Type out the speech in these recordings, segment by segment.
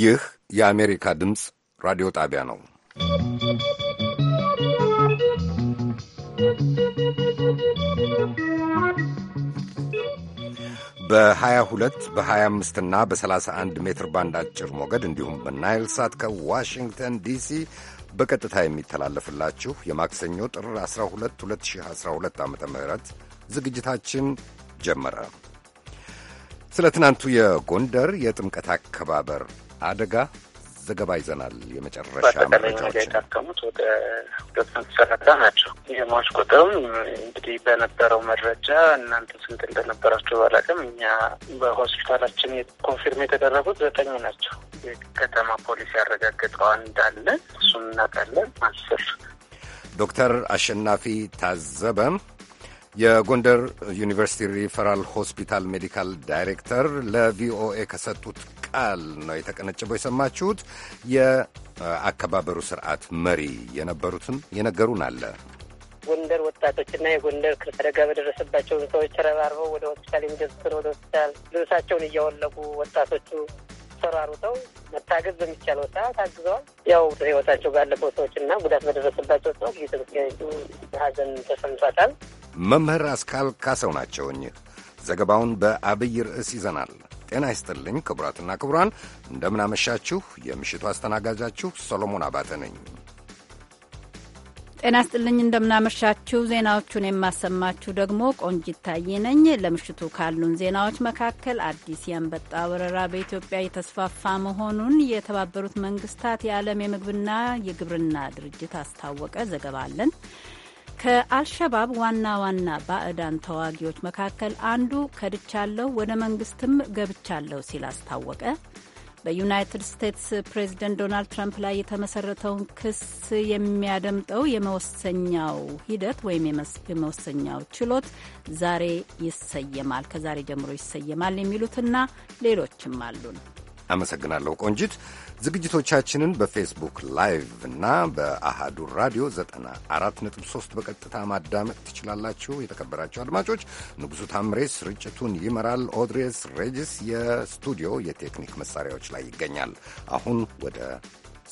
ይህ የአሜሪካ ድምፅ ራዲዮ ጣቢያ ነው። በ22 በ25 እና በ31 ሜትር ባንድ አጭር ሞገድ እንዲሁም በናይል ሳት ከዋሽንግተን ዲሲ በቀጥታ የሚተላለፍላችሁ የማክሰኞ ጥር 12 2012 ዓ ም ዝግጅታችን ጀመረ። ስለ ትናንቱ የጎንደር የጥምቀት አከባበር አደጋ ዘገባ ይዘናል። የመጨረሻ መረጃዎች የታከሙት ወደ ሁለት መቶ ሰላሳ ናቸው። የሟች ቁጥርም እንግዲህ በነበረው መረጃ እናንተ ስንት እንደነበራቸው ባላቅም እኛ በሆስፒታላችን ኮንፊርም የተደረጉት ዘጠኝ ናቸው። የከተማ ፖሊስ ያረጋግጠው እንዳለ እሱን እናውቃለን። አስር ዶክተር አሸናፊ ታዘበ የጎንደር ዩኒቨርሲቲ ሪፈራል ሆስፒታል ሜዲካል ዳይሬክተር ለቪኦኤ ከሰጡት ቃል ነው የተቀነጨበው የሰማችሁት። የአከባበሩ ስርዓት መሪ የነበሩትን የነገሩን አለ። ጎንደር ወጣቶችና የጎንደር አደጋ በደረሰባቸውን ሰዎች ተረባርበው ወደ ሆስፒታል የሚደርሱትን ወደ ሆስፒታል ልብሳቸውን እያወለቁ ወጣቶቹ ተሯሩተው መታገዝ በሚቻለው ሰዓት አግዘዋል። ያው ህይወታቸው ባለፈው ሰዎችና ጉዳት በደረሰባቸው ሰዎች እየተገኙ ሀዘን ተሰምቷታል። መምህር አስካል ካሰው ናቸው። እኚህ ዘገባውን በአብይ ርዕስ ይዘናል። ጤና ይስጥልኝ ክቡራትና ክቡራን፣ እንደምናመሻችሁ። የምሽቱ አስተናጋጃችሁ ሰሎሞን አባተ ነኝ። ጤና ይስጥልኝ፣ እንደምናመሻችሁ። ዜናዎቹን የማሰማችሁ ደግሞ ቆንጂት ታዬ ነኝ። ለምሽቱ ካሉን ዜናዎች መካከል አዲስ የአንበጣ ወረራ በኢትዮጵያ የተስፋፋ መሆኑን የተባበሩት መንግስታት የዓለም የምግብና የግብርና ድርጅት አስታወቀ። ዘገባ አለን። ከአልሸባብ ዋና ዋና ባዕዳን ተዋጊዎች መካከል አንዱ ከድቻለሁ፣ ወደ መንግስትም ገብቻለሁ ሲል አስታወቀ። በዩናይትድ ስቴትስ ፕሬዝደንት ዶናልድ ትራምፕ ላይ የተመሰረተውን ክስ የሚያደምጠው የመወሰኛው ሂደት ወይም የመወሰኛው ችሎት ዛሬ ይሰየማል፣ ከዛሬ ጀምሮ ይሰየማል የሚሉትና ሌሎችም አሉን። አመሰግናለሁ ቆንጂት። ዝግጅቶቻችንን በፌስቡክ ላይቭ እና በአሃዱ ራዲዮ 94.3 በቀጥታ ማዳመጥ ትችላላችሁ። የተከበራችሁ አድማጮች፣ ንጉሡ ታምሬ ስርጭቱን ይመራል። ኦድሬስ ሬጅስ የስቱዲዮ የቴክኒክ መሳሪያዎች ላይ ይገኛል። አሁን ወደ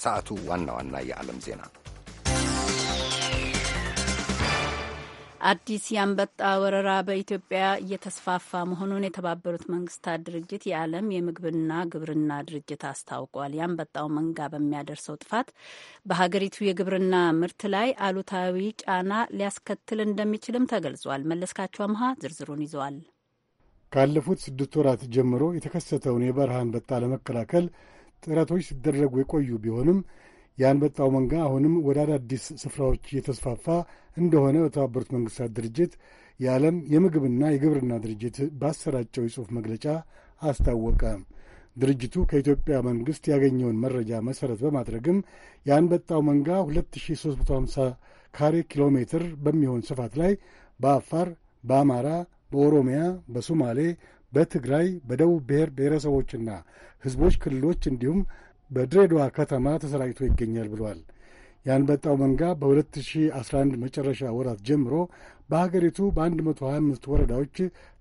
ሰዓቱ ዋና ዋና የዓለም ዜና አዲስ የአንበጣ ወረራ በኢትዮጵያ እየተስፋፋ መሆኑን የተባበሩት መንግስታት ድርጅት የዓለም የምግብና ግብርና ድርጅት አስታውቋል። የአንበጣው መንጋ በሚያደርሰው ጥፋት በሀገሪቱ የግብርና ምርት ላይ አሉታዊ ጫና ሊያስከትል እንደሚችልም ተገልጿል። መለስካቸው አምሃ ዝርዝሩን ይዘዋል። ካለፉት ስድስት ወራት ጀምሮ የተከሰተውን የበረሃ አንበጣ ለመከላከል ጥረቶች ሲደረጉ የቆዩ ቢሆንም የአንበጣው መንጋ አሁንም ወደ አዳዲስ ስፍራዎች እየተስፋፋ እንደሆነ በተባበሩት መንግስታት ድርጅት የዓለም የምግብና የግብርና ድርጅት ባሰራጨው የጽሑፍ መግለጫ አስታወቀ። ድርጅቱ ከኢትዮጵያ መንግሥት ያገኘውን መረጃ መሠረት በማድረግም የአንበጣው መንጋ 2350 ካሬ ኪሎ ሜትር በሚሆን ስፋት ላይ በአፋር፣ በአማራ፣ በኦሮሚያ፣ በሶማሌ፣ በትግራይ፣ በደቡብ ብሔር ብሔረሰቦችና ሕዝቦች ክልሎች እንዲሁም በድሬዳዋ ከተማ ተሰራጭቶ ይገኛል ብሏል። የአንበጣው መንጋ በ2011 መጨረሻ ወራት ጀምሮ በሀገሪቱ በ125 ወረዳዎች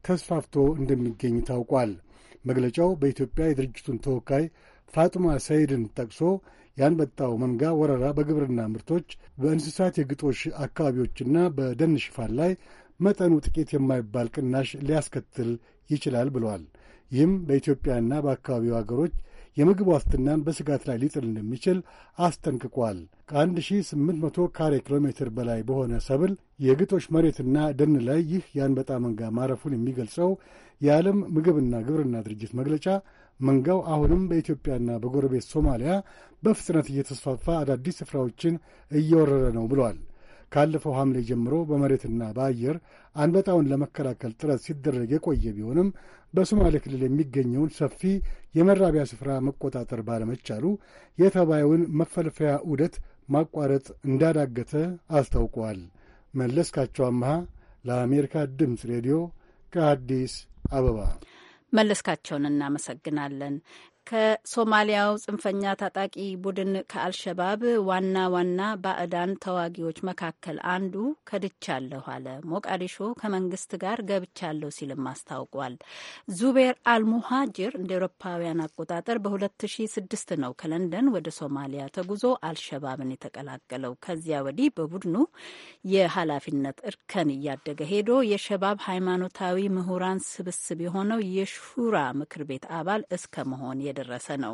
ተስፋፍቶ እንደሚገኝ ታውቋል። መግለጫው በኢትዮጵያ የድርጅቱን ተወካይ ፋጡማ ሰይድን ጠቅሶ የአንበጣው መንጋ ወረራ በግብርና ምርቶች፣ በእንስሳት የግጦሽ አካባቢዎችና በደን ሽፋን ላይ መጠኑ ጥቂት የማይባል ቅናሽ ሊያስከትል ይችላል ብለዋል። ይህም በኢትዮጵያና በአካባቢው አገሮች የምግብ ዋስትናን በስጋት ላይ ሊጥል እንደሚችል አስጠንቅቋል። ከ1800 ካሬ ኪሎ ሜትር በላይ በሆነ ሰብል የግጦሽ መሬትና ደን ላይ ይህ የአንበጣ መንጋ ማረፉን የሚገልጸው የዓለም ምግብና ግብርና ድርጅት መግለጫ መንጋው አሁንም በኢትዮጵያና በጎረቤት ሶማሊያ በፍጥነት እየተስፋፋ አዳዲስ ስፍራዎችን እየወረረ ነው ብሏል። ካለፈው ሐምሌ ጀምሮ በመሬትና በአየር አንበጣውን ለመከላከል ጥረት ሲደረግ የቆየ ቢሆንም በሶማሌ ክልል የሚገኘውን ሰፊ የመራቢያ ስፍራ መቆጣጠር ባለመቻሉ የተባዩን መፈልፈያ ዑደት ማቋረጥ እንዳዳገተ አስታውቋል። መለስካቸው አመሃ ለአሜሪካ ድምፅ ሬዲዮ ከአዲስ አበባ መለስካቸውን እናመሰግናለን። ከሶማሊያው ጽንፈኛ ታጣቂ ቡድን ከአልሸባብ ዋና ዋና ባዕዳን ተዋጊዎች መካከል አንዱ ከድቻለሁ አለ። ሞቃዲሾ ከመንግስት ጋር ገብቻለሁ ሲልም አስታውቋል። ዙቤር አልሙሃጅር እንደ ኤሮፓውያን አቆጣጠር በ2006 ነው ከለንደን ወደ ሶማሊያ ተጉዞ አልሸባብን የተቀላቀለው። ከዚያ ወዲህ በቡድኑ የኃላፊነት እርከን እያደገ ሄዶ የሸባብ ሃይማኖታዊ ምሁራን ስብስብ የሆነው የሹራ ምክር ቤት አባል እስከ መሆን እየደረሰ ነው።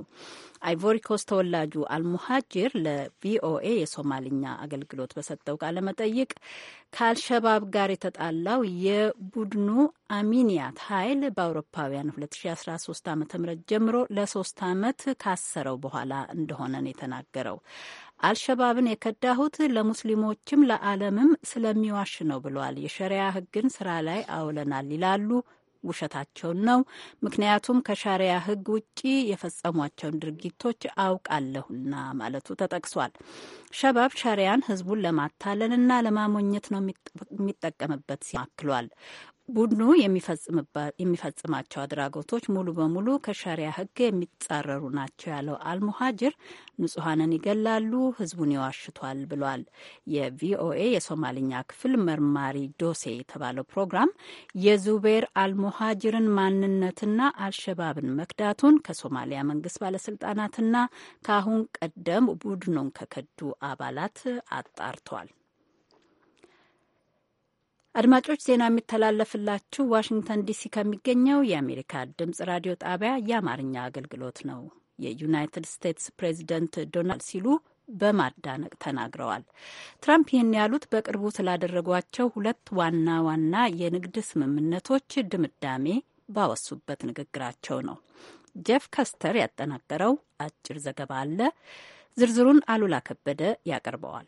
አይቮሪኮስ ተወላጁ አልሙሃጅር ለቪኦኤ የሶማልኛ አገልግሎት በሰጠው ቃለ መጠይቅ ከአልሸባብ ጋር የተጣላው የቡድኑ አሚኒያት ኃይል በአውሮፓውያን 2013 ዓ ም ጀምሮ ለሶስት ዓመት ካሰረው በኋላ እንደሆነ ነው የተናገረው። አልሸባብን የከዳሁት ለሙስሊሞችም ለዓለምም ስለሚዋሽ ነው ብሏል። የሸሪያ ሕግን ስራ ላይ አውለናል ይላሉ ውሸታቸውን ነው። ምክንያቱም ከሻሪያ ሕግ ውጪ የፈጸሟቸውን ድርጊቶች አውቃለሁና ማለቱ ተጠቅሷል። ሸባብ ሻሪያን ህዝቡን ለማታለልና ለማሞኘት ነው የሚጠቀምበት ሲማክሏል። ቡድኑ የሚፈጽማቸው አድራጎቶች ሙሉ በሙሉ ከሸሪያ ሕግ የሚጻረሩ ናቸው ያለው አልሙሃጅር ንጹሐንን ይገላሉ፣ ህዝቡን ይዋሽቷል ብሏል። የቪኦኤ የሶማልኛ ክፍል መርማሪ ዶሴ የተባለው ፕሮግራም የዙቤር አልሙሃጅርን ማንነትና አልሸባብን መክዳቱን ከሶማሊያ መንግስት ባለስልጣናትና ከአሁን ቀደም ቡድኑን ከከዱ አባላት አጣርቷል። አድማጮች ዜና የሚተላለፍላችሁ ዋሽንግተን ዲሲ ከሚገኘው የአሜሪካ ድምጽ ራዲዮ ጣቢያ የአማርኛ አገልግሎት ነው። የዩናይትድ ስቴትስ ፕሬዚደንት ዶናልድ ሲሉ በማዳነቅ ተናግረዋል። ትራምፕ ይህን ያሉት በቅርቡ ስላደረጓቸው ሁለት ዋና ዋና የንግድ ስምምነቶች ድምዳሜ ባወሱበት ንግግራቸው ነው። ጄፍ ከስተር ያጠናቀረው አጭር ዘገባ አለ። ዝርዝሩን አሉላ ከበደ ያቀርበዋል።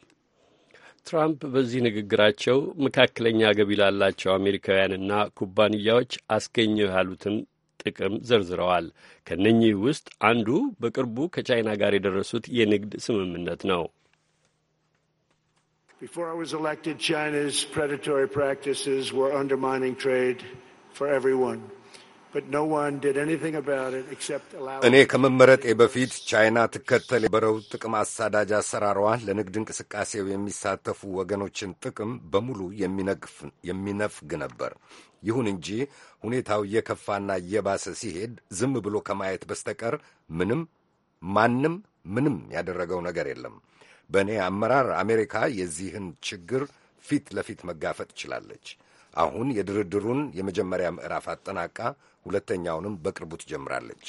ትራምፕ በዚህ ንግግራቸው መካከለኛ ገቢ ላላቸው አሜሪካውያንና ኩባንያዎች አስገኘው ያሉትን ጥቅም ዘርዝረዋል። ከነኚህ ውስጥ አንዱ በቅርቡ ከቻይና ጋር የደረሱት የንግድ ስምምነት ነው። እኔ ከመመረጤ በፊት ቻይና ትከተል የነበረው ጥቅም አሳዳጅ አሰራሯ ለንግድ እንቅስቃሴው የሚሳተፉ ወገኖችን ጥቅም በሙሉ የሚነፍግ ነበር። ይሁን እንጂ ሁኔታው እየከፋና እየባሰ ሲሄድ ዝም ብሎ ከማየት በስተቀር ምንም ማንም ምንም ያደረገው ነገር የለም። በእኔ አመራር አሜሪካ የዚህን ችግር ፊት ለፊት መጋፈጥ ችላለች። አሁን የድርድሩን የመጀመሪያ ምዕራፍ አጠናቃ ሁለተኛውንም በቅርቡ ትጀምራለች።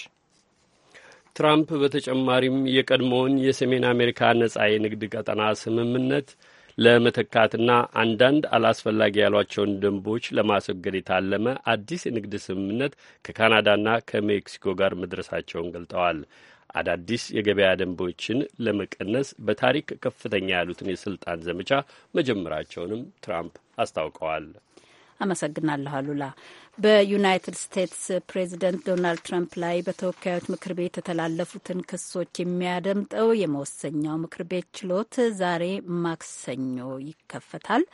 ትራምፕ በተጨማሪም የቀድሞውን የሰሜን አሜሪካ ነጻ የንግድ ቀጠና ስምምነት ለመተካትና አንዳንድ አላስፈላጊ ያሏቸውን ደንቦች ለማስወገድ የታለመ አዲስ የንግድ ስምምነት ከካናዳና ከሜክሲኮ ጋር መድረሳቸውን ገልጠዋል። አዳዲስ የገበያ ደንቦችን ለመቀነስ በታሪክ ከፍተኛ ያሉትን የስልጣን ዘመቻ መጀመራቸውንም ትራምፕ አስታውቀዋል። አመሰግናለሁ አሉላ። በዩናይትድ ስቴትስ ፕሬዚደንት ዶናልድ ትራምፕ ላይ በተወካዮች ምክር ቤት የተላለፉትን ክሶች የሚያደምጠው የመወሰኛው ምክር ቤት ችሎት ዛሬ ማክሰኞ ይከፈታል።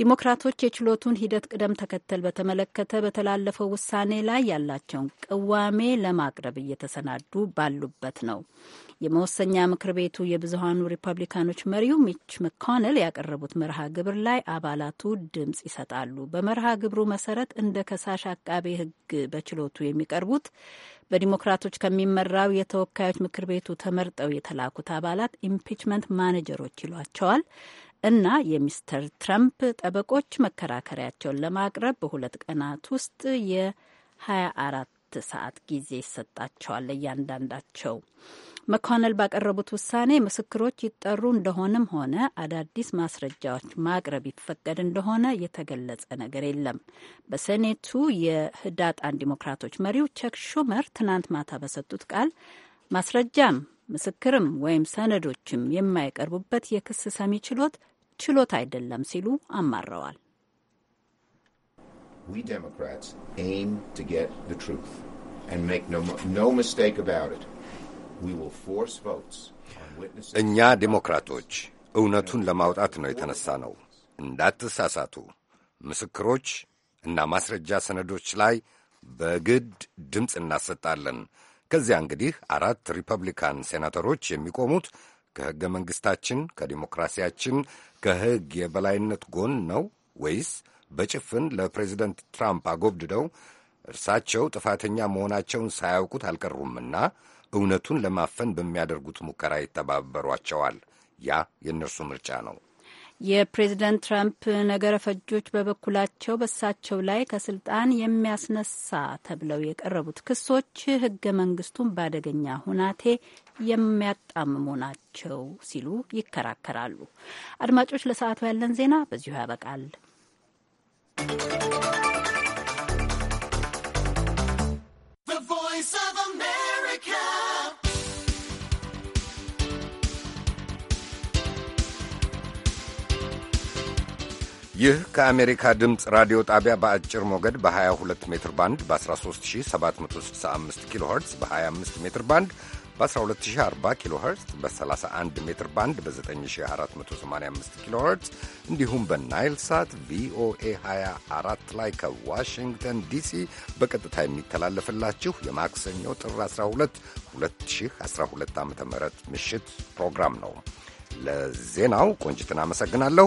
ዲሞክራቶች የችሎቱን ሂደት ቅደም ተከተል በተመለከተ በተላለፈው ውሳኔ ላይ ያላቸውን ቅዋሜ ለማቅረብ እየተሰናዱ ባሉበት ነው። የመወሰኛ ምክር ቤቱ የብዙሀኑ ሪፐብሊካኖች መሪው ሚች መኮንል ያቀረቡት መርሃ ግብር ላይ አባላቱ ድምፅ ይሰጣሉ። በመርሃ ግብሩ መሰረት እንደ ከሳሽ አቃቤ ሕግ በችሎቱ የሚቀርቡት በዲሞክራቶች ከሚመራው የተወካዮች ምክር ቤቱ ተመርጠው የተላኩት አባላት ኢምፒችመንት ማኔጀሮች ይሏቸዋል። እና የሚስተር ትራምፕ ጠበቆች መከራከሪያቸውን ለማቅረብ በሁለት ቀናት ውስጥ የ24 ሰዓት ጊዜ ይሰጣቸዋል እያንዳንዳቸው። መኮነል ባቀረቡት ውሳኔ ምስክሮች ይጠሩ እንደሆንም ሆነ አዳዲስ ማስረጃዎች ማቅረብ ይፈቀድ እንደሆነ የተገለጸ ነገር የለም። በሴኔቱ የህዳጣን ዲሞክራቶች መሪው ቸክ ሹመር ትናንት ማታ በሰጡት ቃል ማስረጃም ምስክርም ወይም ሰነዶችም የማይቀርቡበት የክስ ሰሚ ችሎት ችሎት አይደለም ሲሉ አማረዋል። እኛ ዴሞክራቶች እውነቱን ለማውጣት ነው የተነሳ ነው። እንዳትሳሳቱ። ምስክሮች እና ማስረጃ ሰነዶች ላይ በግድ ድምፅ እናሰጣለን። ከዚያ እንግዲህ አራት ሪፐብሊካን ሴናተሮች የሚቆሙት ከሕገ መንግሥታችን፣ ከዲሞክራሲያችን፣ ከሕግ የበላይነት ጎን ነው ወይስ በጭፍን ለፕሬዚደንት ትራምፕ አጎብድደው እርሳቸው ጥፋተኛ መሆናቸውን ሳያውቁት አልቀሩምና እውነቱን ለማፈን በሚያደርጉት ሙከራ ይተባበሯቸዋል? ያ የእነርሱ ምርጫ ነው። የፕሬዝደንት ትራምፕ ነገረ ፈጆች በበኩላቸው በሳቸው ላይ ከስልጣን የሚያስነሳ ተብለው የቀረቡት ክሶች ህገ መንግስቱን በአደገኛ ሁናቴ የሚያጣምሙ ናቸው ሲሉ ይከራከራሉ። አድማጮች፣ ለሰዓቱ ያለን ዜና በዚሁ ያበቃል። ይህ ከአሜሪካ ድምፅ ራዲዮ ጣቢያ በአጭር ሞገድ በ22 ሜትር ባንድ በ13765 ኪሎ ኸርትዝ በ25 ሜትር ባንድ በ1240 ኪሎ ኸርትዝ በ31 ሜትር ባንድ በ9485 ኪሎ ኸርትዝ እንዲሁም በናይል ሳት ቪኦኤ 24 ላይ ከዋሽንግተን ዲሲ በቀጥታ የሚተላለፍላችሁ የማክሰኞ ጥር 12 2012 ዓ ም ምሽት ፕሮግራም ነው። ለዜናው ቆንጅትን አመሰግናለሁ።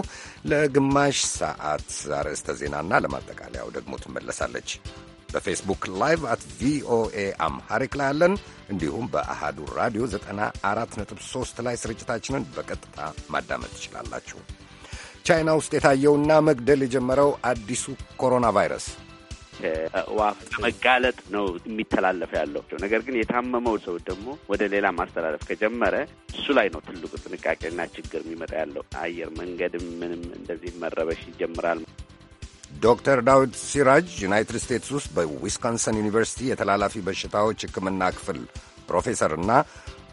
ለግማሽ ሰዓት አርዕስተ ዜናና ለማጠቃለያው ደግሞ ትመለሳለች። በፌስቡክ ላይቭ አት ቪኦኤ አምሃሪክ ላይ ያለን እንዲሁም በአሃዱ ራዲዮ 94.3 ላይ ስርጭታችንን በቀጥታ ማዳመጥ ትችላላችሁ። ቻይና ውስጥ የታየውና መግደል የጀመረው አዲሱ ኮሮና ቫይረስ ከእዋፍ በመጋለጥ ነው የሚተላለፈ ያለው። ነገር ግን የታመመው ሰው ደግሞ ወደ ሌላ ማስተላለፍ ከጀመረ እሱ ላይ ነው ትልቁ ጥንቃቄና ችግር የሚመጣ ያለው። አየር መንገድም ምንም እንደዚህ መረበሽ ይጀምራል። ዶክተር ዳዊት ሲራጅ ዩናይትድ ስቴትስ ውስጥ በዊስኮንሰን ዩኒቨርሲቲ የተላላፊ በሽታዎች ሕክምና ክፍል ፕሮፌሰር እና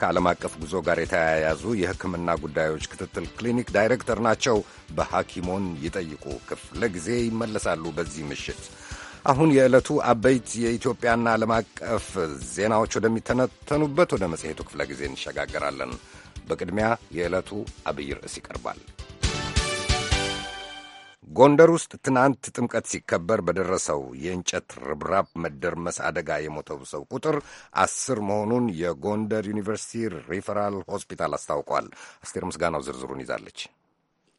ከዓለም አቀፍ ጉዞ ጋር የተያያዙ የሕክምና ጉዳዮች ክትትል ክሊኒክ ዳይሬክተር ናቸው። በሐኪሞን ይጠይቁ ክፍለ ጊዜ ይመለሳሉ በዚህ ምሽት። አሁን የዕለቱ አበይት የኢትዮጵያና ዓለም አቀፍ ዜናዎች ወደሚተነተኑበት ወደ መጽሔቱ ክፍለ ጊዜ እንሸጋገራለን። በቅድሚያ የዕለቱ አብይ ርዕስ ይቀርባል። ጎንደር ውስጥ ትናንት ጥምቀት ሲከበር በደረሰው የእንጨት ርብራብ መደርመስ አደጋ የሞተው ሰው ቁጥር አስር መሆኑን የጎንደር ዩኒቨርሲቲ ሪፈራል ሆስፒታል አስታውቋል። አስቴር ምስጋናው ዝርዝሩን ይዛለች።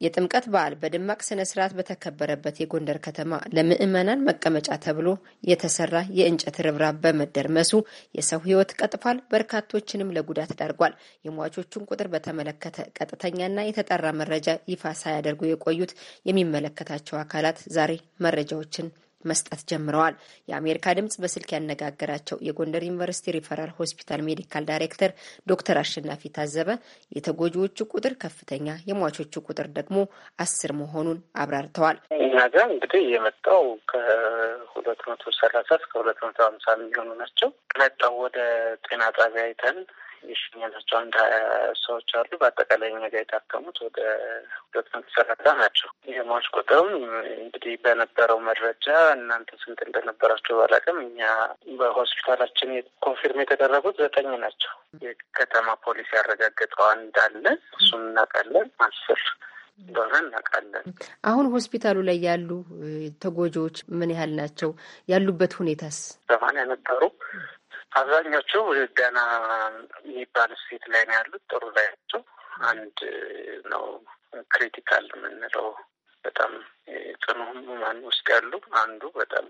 የጥምቀት በዓል በደማቅ ስነ ስርዓት በተከበረበት የጎንደር ከተማ ለምዕመናን መቀመጫ ተብሎ የተሰራ የእንጨት ርብራብ በመደርመሱ የሰው ሕይወት ቀጥፏል፣ በርካቶችንም ለጉዳት ዳርጓል። የሟቾቹን ቁጥር በተመለከተ ቀጥተኛና የተጠራ መረጃ ይፋ ሳያደርጉ የቆዩት የሚመለከታቸው አካላት ዛሬ መረጃዎችን መስጠት ጀምረዋል። የአሜሪካ ድምጽ በስልክ ያነጋገራቸው የጎንደር ዩኒቨርሲቲ ሪፈራል ሆስፒታል ሜዲካል ዳይሬክተር ዶክተር አሸናፊ ታዘበ የተጎጂዎቹ ቁጥር ከፍተኛ፣ የሟቾቹ ቁጥር ደግሞ አስር መሆኑን አብራርተዋል። እኛ ጋር እንግዲህ የመጣው ከሁለት መቶ ሰላሳ እስከ ሁለት መቶ ሀምሳ የሚሆኑ ናቸው። መጣው ወደ ጤና ጣቢያ አይተን የሸኘናቸው አንድ ሰዎች አሉ። በአጠቃላይ እኛ ጋር የታከሙት ወደ ሁለት መቶ ሰላሳ ናቸው። የሟች ቁጥርም እንግዲህ በነበረው መረጃ እናንተ ስንት እንደነበራቸው ባላቅም እኛ በሆስፒታላችን ኮንፊርም የተደረጉት ዘጠኝ ናቸው። የከተማ ፖሊስ ያረጋገጠው አንድ አለ። እሱን እናውቃለን አስር እንደሆነ እናውቃለን። አሁን ሆስፒታሉ ላይ ያሉ ተጎጂዎች ምን ያህል ናቸው? ያሉበት ሁኔታስ? ሰማንያ ነበሩ አብዛኞቹ ደና የሚባል ሴት ላይ ነው ያሉት። ጥሩ ላይ ናቸው። አንድ ነው ክሪቲካል የምንለው በጣም ጽኑ ህሙማን ውስጥ ያሉ አንዱ በጣም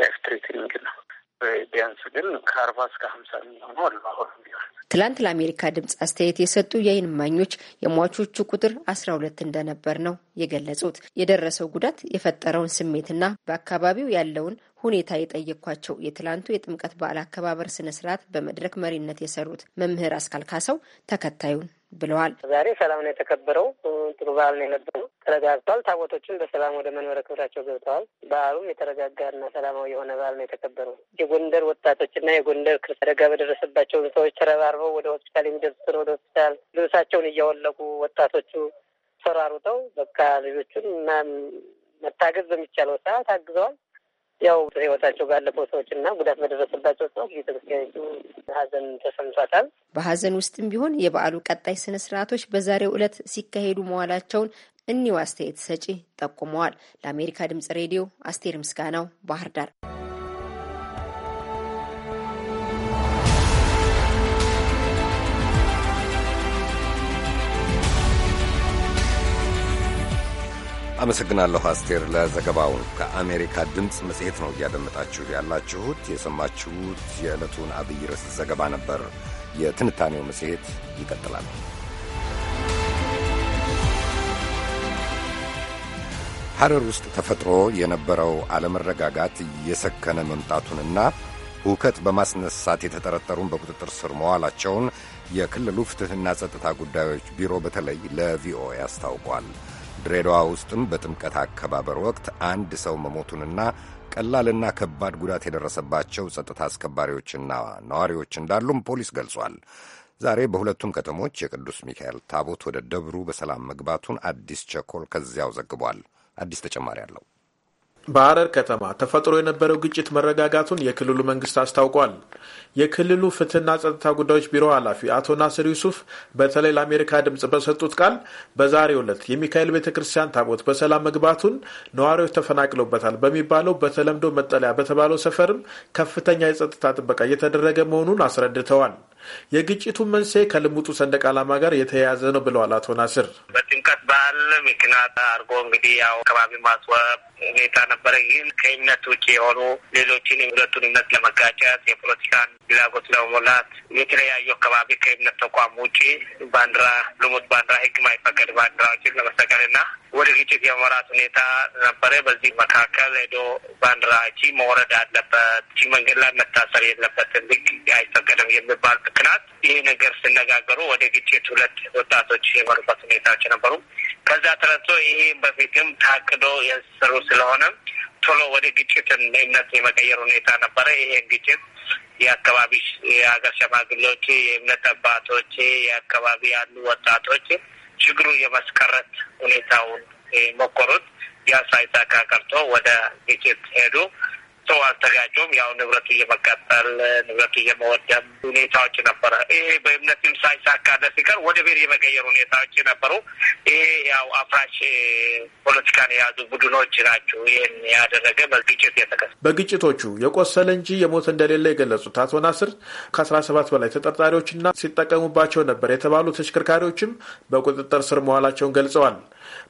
ላይፍ ትሬትኒንግ ነው። ቢያንስ ግን ከአርባ እስከ ሀምሳ የሚሆኑ አሉ። ቢሆን ትላንት ለአሜሪካ ድምፅ አስተያየት የሰጡ የዓይን እማኞች የሟቾቹ ቁጥር አስራ ሁለት እንደነበር ነው የገለጹት። የደረሰው ጉዳት የፈጠረውን ስሜትና በአካባቢው ያለውን ሁኔታ የጠየኳቸው የትላንቱ የጥምቀት በዓል አከባበር ስነ ስርዓት በመድረክ መሪነት የሰሩት መምህር አስካልካሰው ተከታዩን ብለዋል። ዛሬ ሰላም ነው የተከበረው። ጥሩ በዓል ነው የነበረው። ተረጋግቷል። ታቦቶችን በሰላም ወደ መኖረ ክብራቸው ገብተዋል። በዓሉም የተረጋጋና ሰላማዊ የሆነ በዓል ነው የተከበረው። የጎንደር ወጣቶችና የጎንደር ክርስ አደጋ በደረሰባቸውን ሰዎች ተረባርበው ወደ ሆስፒታል የሚደርሱትን ወደ ሆስፒታል ልብሳቸውን እያወለቁ ወጣቶቹ ተሯሩጠው በቃ ልጆቹን መታገዝ በሚቻለው ሰዓት አግዘዋል። ያው ህይወታቸው ባለፈው ሰዎች እና ጉዳት በደረሰባቸው ሰው ቤተክርስቲያኒቱ ሀዘን ተሰምቷታል። በሀዘን ውስጥም ቢሆን የበዓሉ ቀጣይ ስነ ስርዓቶች በዛሬው ዕለት ሲካሄዱ መዋላቸውን እኒው አስተያየት ሰጪ ጠቁመዋል። ለአሜሪካ ድምጽ ሬዲዮ አስቴር ምስጋናው ባህር ዳር አመሰግናለሁ አስቴር ለዘገባው። ከአሜሪካ ድምፅ መጽሔት ነው እያደመጣችሁ ያላችሁት። የሰማችሁት የዕለቱን አብይ ርዕስ ዘገባ ነበር። የትንታኔው መጽሔት ይቀጥላል። ሐረር ውስጥ ተፈጥሮ የነበረው አለመረጋጋት እየሰከነ መምጣቱንና ሁከት በማስነሳት የተጠረጠሩን በቁጥጥር ስር መዋላቸውን የክልሉ ፍትሕና ጸጥታ ጉዳዮች ቢሮ በተለይ ለቪኦኤ አስታውቋል። ድሬዳዋ ውስጥም በጥምቀት አከባበር ወቅት አንድ ሰው መሞቱንና ቀላልና ከባድ ጉዳት የደረሰባቸው ጸጥታ አስከባሪዎችና ነዋሪዎች እንዳሉም ፖሊስ ገልጿል። ዛሬ በሁለቱም ከተሞች የቅዱስ ሚካኤል ታቦት ወደ ደብሩ በሰላም መግባቱን አዲስ ቸኮል ከዚያው ዘግቧል። አዲስ ተጨማሪ አለው። በሐረር ከተማ ተፈጥሮ የነበረው ግጭት መረጋጋቱን የክልሉ መንግስት አስታውቋል። የክልሉ ፍትህና ጸጥታ ጉዳዮች ቢሮ ኃላፊ አቶ ናስር ዩሱፍ በተለይ ለአሜሪካ ድምፅ በሰጡት ቃል በዛሬው ዕለት የሚካኤል ቤተ ክርስቲያን ታቦት በሰላም መግባቱን ነዋሪዎች ተፈናቅለውበታል በሚባለው በተለምዶ መጠለያ በተባለው ሰፈርም ከፍተኛ የጸጥታ ጥበቃ እየተደረገ መሆኑን አስረድተዋል። የግጭቱ መንስኤ ከልሙጡ ሰንደቅ ዓላማ ጋር የተያያዘ ነው ብለዋል አቶ ናስር። በጥምቀት በዓል ምክንያት አድርጎ እንግዲህ ያው አካባቢ ማስዋብ ሁኔታ ነበረ። ይህን ከእምነት ውጭ የሆኑ ሌሎችን የሁለቱን እምነት ለመጋጨት የፖለቲካን ፍላጎት ለመሞላት የተለያዩ አካባቢ ከእምነት ተቋም ውጪ ባንዲራ ልሙት ባንዲራ ሕግም አይፈቀድ ባንዲራዎችን ለመሰቀልና ወደ ግጭት የመራት ሁኔታ ነበረ። በዚህ መካከል ሄዶ ባንዲራ ቺ መውረድ አለበት ቺ መንገድ ላይ መታሰር የለበትም ሕግ አይፈቀድም የሚባል ምክንያት ይህ ነገር ሲነጋገሩ ወደ ግጭት ሁለት ወጣቶች የመሩበት ሁኔታዎች ነበሩ። ከዛ ተረቶ ይሄ በፊትም ታቅዶ የሰሩ ስለሆነ ቶሎ ወደ ግጭትን እምነት የመቀየር ሁኔታ ነበረ። ይሄን ግጭት የአካባቢ የሀገር ሸማግሌዎች፣ የእምነት አባቶች፣ የአካባቢ ያሉ ወጣቶች ችግሩ የመስቀረት ሁኔታውን ሞከሩት። ያ ሳይሳካ ቀርቶ ወደ ግጭት ሄዱ። ሰው አልተጋጩም። ያው ንብረቱ እየመቃጠል ንብረቱ እየመወደም ሁኔታዎች ነበረ። ይሄ በእምነትም ሳይሳካለ ሲቀር ወደ ቤር የመቀየር ሁኔታዎች ነበሩ። ይሄ ያው አፍራሽ ፖለቲካን የያዙ ቡድኖች ናቸው ይህን ያደረገ በግጭት የተከሰ በግጭቶቹ የቆሰለ እንጂ የሞት እንደሌለ የገለጹት አቶ ናስር ከአስራ ሰባት በላይ ተጠርጣሪዎችና ሲጠቀሙባቸው ነበር የተባሉ ተሽከርካሪዎችም በቁጥጥር ስር መዋላቸውን ገልጸዋል።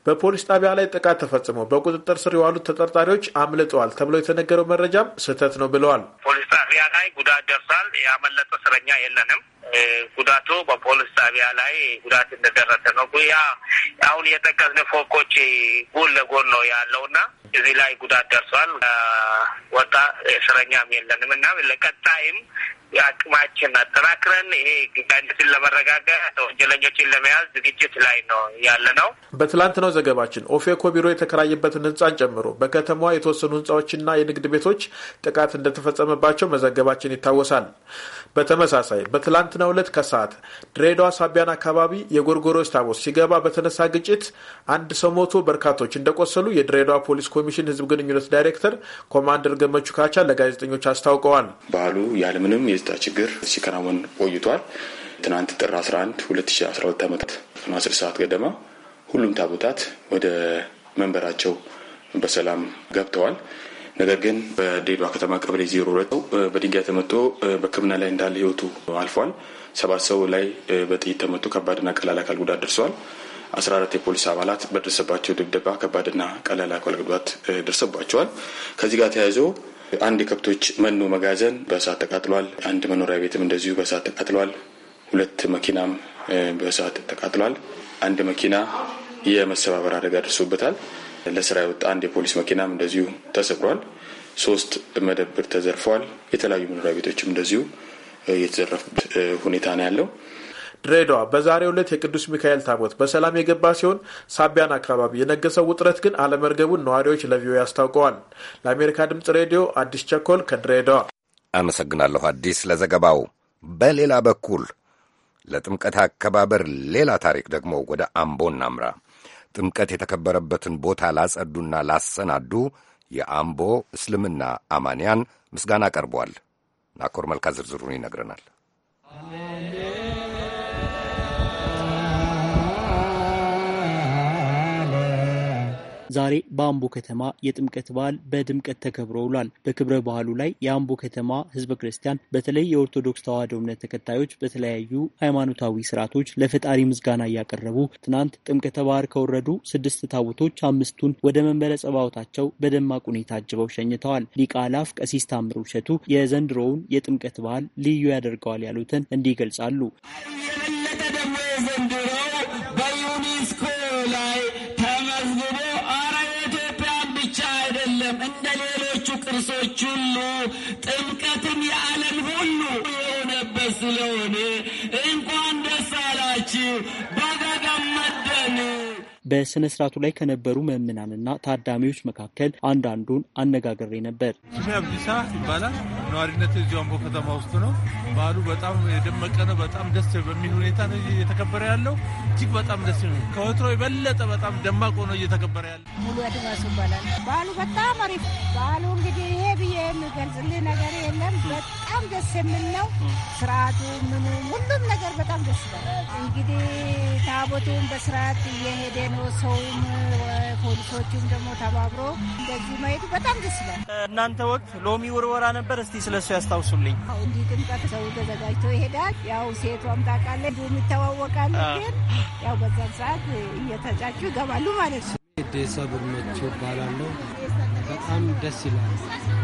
በፖሊስ ጣቢያ ላይ ጥቃት ተፈጽሞ በቁጥጥር ስር የዋሉት ተጠርጣሪዎች አምልጠዋል ተብሎ የተነገረው መረጃም ስህተት ነው ብለዋል። ፖሊስ ጣቢያ ላይ ጉዳት ደርሷል። ያመለጠ እስረኛ የለንም። ጉዳቱ በፖሊስ ጣቢያ ላይ ጉዳት እንደደረሰ ነው። ያ አሁን የጠቀስን ፎቆች ጎን ለጎን ነው ያለውና እዚህ ላይ ጉዳት ደርሷል። ወጣ እስረኛም የለንም እና ለቀጣይም አቅማችን አጠናክረን ይሄ ግዳንድትን ለመረጋጋት ወንጀለኞችን ለመያዝ ዝግጅት ላይ ነው ያለ ነው። ነው ዘገባችን ኦፌኮ ቢሮ የተከራየበትን ህንፃን ጨምሮ በከተማዋ የተወሰኑ ህንፃዎችና የንግድ ቤቶች ጥቃት እንደተፈጸመባቸው መዘገባችን ይታወሳል። በተመሳሳይ በትላንትናው ዕለት ከሰዓት ድሬዳዋ ሳቢያን አካባቢ የጎርጎሮ ታቦት ሲገባ በተነሳ ግጭት አንድ ሰው ሞቶ በርካቶች እንደቆሰሉ የድሬዳዋ ፖሊስ ኮሚሽን ህዝብ ግንኙነት ዳይሬክተር ኮማንደር ገመቹ ካቻ ለጋዜጠኞች አስታውቀዋል። ባህሉ ያለምንም የጸጥታ ችግር ሲከናወን ቆይቷል። ትናንት ጥር 11 2012 ም 10 ሰዓት ገደማ ሁሉም ታቦታት ወደ መንበራቸው በሰላም ገብተዋል። ነገር ግን በድሬዳዋ ከተማ ቀበሌ ዜሮ ሁለት በድንጋይ ተመቶ በሕክምና ላይ እንዳለ ህይወቱ አልፏል። ሰባት ሰው ላይ በጥይት ተመቶ ከባድና ቀላል አካል ጉዳት ደርሰዋል። አስራ አራት የፖሊስ አባላት በደረሰባቸው ድብደባ ከባድና ቀላል አካል ጉዳት ደርሰባቸዋል። ከዚህ ጋር ተያይዞ አንድ የከብቶች መኖ መጋዘን በእሳት ተቃጥሏል። አንድ መኖሪያ ቤትም እንደዚሁ በእሳት ተቃጥሏል። ሁለት መኪናም በእሳት ተቃጥሏል። አንድ መኪና የመሰባበር አደጋ ደርሶበታል። ለስራ የወጣ አንድ የፖሊስ መኪናም እንደዚሁ ተሰብሯል። ሶስት መደብር ተዘርፈዋል። የተለያዩ መኖሪያ ቤቶችም እንደዚሁ የተዘረፉት ሁኔታ ነው ያለው። ድሬዳዋ በዛሬው ዕለት የቅዱስ ሚካኤል ታቦት በሰላም የገባ ሲሆን ሳቢያን አካባቢ የነገሰው ውጥረት ግን አለመርገቡን ነዋሪዎች ለቪኦኤ አስታውቀዋል። ለአሜሪካ ድምጽ ሬዲዮ አዲስ ቸኮል ከድሬዳዋ አመሰግናለሁ አዲስ ለዘገባው። በሌላ በኩል ለጥምቀት አከባበር ሌላ ታሪክ ደግሞ ወደ አምቦ እናምራ። ጥምቀት የተከበረበትን ቦታ ላጸዱና ላሰናዱ የአምቦ እስልምና አማንያን ምስጋና ቀርቧል። ናኮር መልካ ዝርዝሩን ይነግረናል። ዛሬ በአምቦ ከተማ የጥምቀት በዓል በድምቀት ተከብሮ ውሏል። በክብረ በዓሉ ላይ የአምቦ ከተማ ህዝበ ክርስቲያን በተለይ የኦርቶዶክስ ተዋሕዶ እምነት ተከታዮች በተለያዩ ሃይማኖታዊ ስርዓቶች ለፈጣሪ ምስጋና እያቀረቡ ትናንት ጥምቀተ ባህር ከወረዱ ስድስት ታቦቶች አምስቱን ወደ መንበረ ጸባዖታቸው በደማቅ ሁኔታ አጅበው ሸኝተዋል። ሊቀ አእላፍ ቀሲስ ታምሩ እሸቱ የዘንድሮውን የጥምቀት በዓል ልዩ ያደርገዋል ያሉትን እንዲህ ይገልጻሉ። ዘንድሮ ጥርሶች ሁሉ ጥምቀትም የዓለም ሁሉ የሆነበት ስለሆነ እንኳን ደስ አላችሁ። በስነ ስርዓቱ ላይ ከነበሩ ምዕመናንና ታዳሚዎች መካከል አንዳንዱን አነጋግሬ ነበር። ስሜ አብዲሳ ይባላል። ነዋሪነት እዚሁ አምቦ ከተማ ውስጥ ነው። በዓሉ በጣም የደመቀ ነው። በጣም ደስ በሚል ሁኔታ ነው እየተከበረ ያለው። እጅግ በጣም ደስ ነው። ከወትሮ የበለጠ በጣም ደማቅ ሆኖ እየተከበረ ያለ ሙሉ አድማሱ ይባላል። በዓሉ በጣም አሪፍ በዓሉ እንግዲህ ይሄ ብዬ የሚገልጽልህ ነገር የለም። በጣም ደስ የሚል ነው። ስርዓቱ ምኑ ሁሉም ነገር በጣም ደስ ይላል። እንግዲህ ታቦቱን በስርዓት እየሄደ ነው ተባብሮ ሰውም ፖሊሶቹም ደግሞ ተባብሮ እንደዚህ ማየቱ በጣም ደስ ይላል። እናንተ ወቅት ሎሚ ውርወራ ነበር። እስቲ ስለሱ ያስታውሱልኝ። እንዲህ ጥምቀት ሰው ተዘጋጅቶ ይሄዳል። ያው ሴቷም ታውቃለህ፣ እንዲሁም ይተዋወቃሉ። ግን ያው በዛን ሰዓት እየተጫጩ ይገባሉ ማለት ነው። ዴሳ ብርመቸው ይባላለሁ። በጣም ደስ ይላል።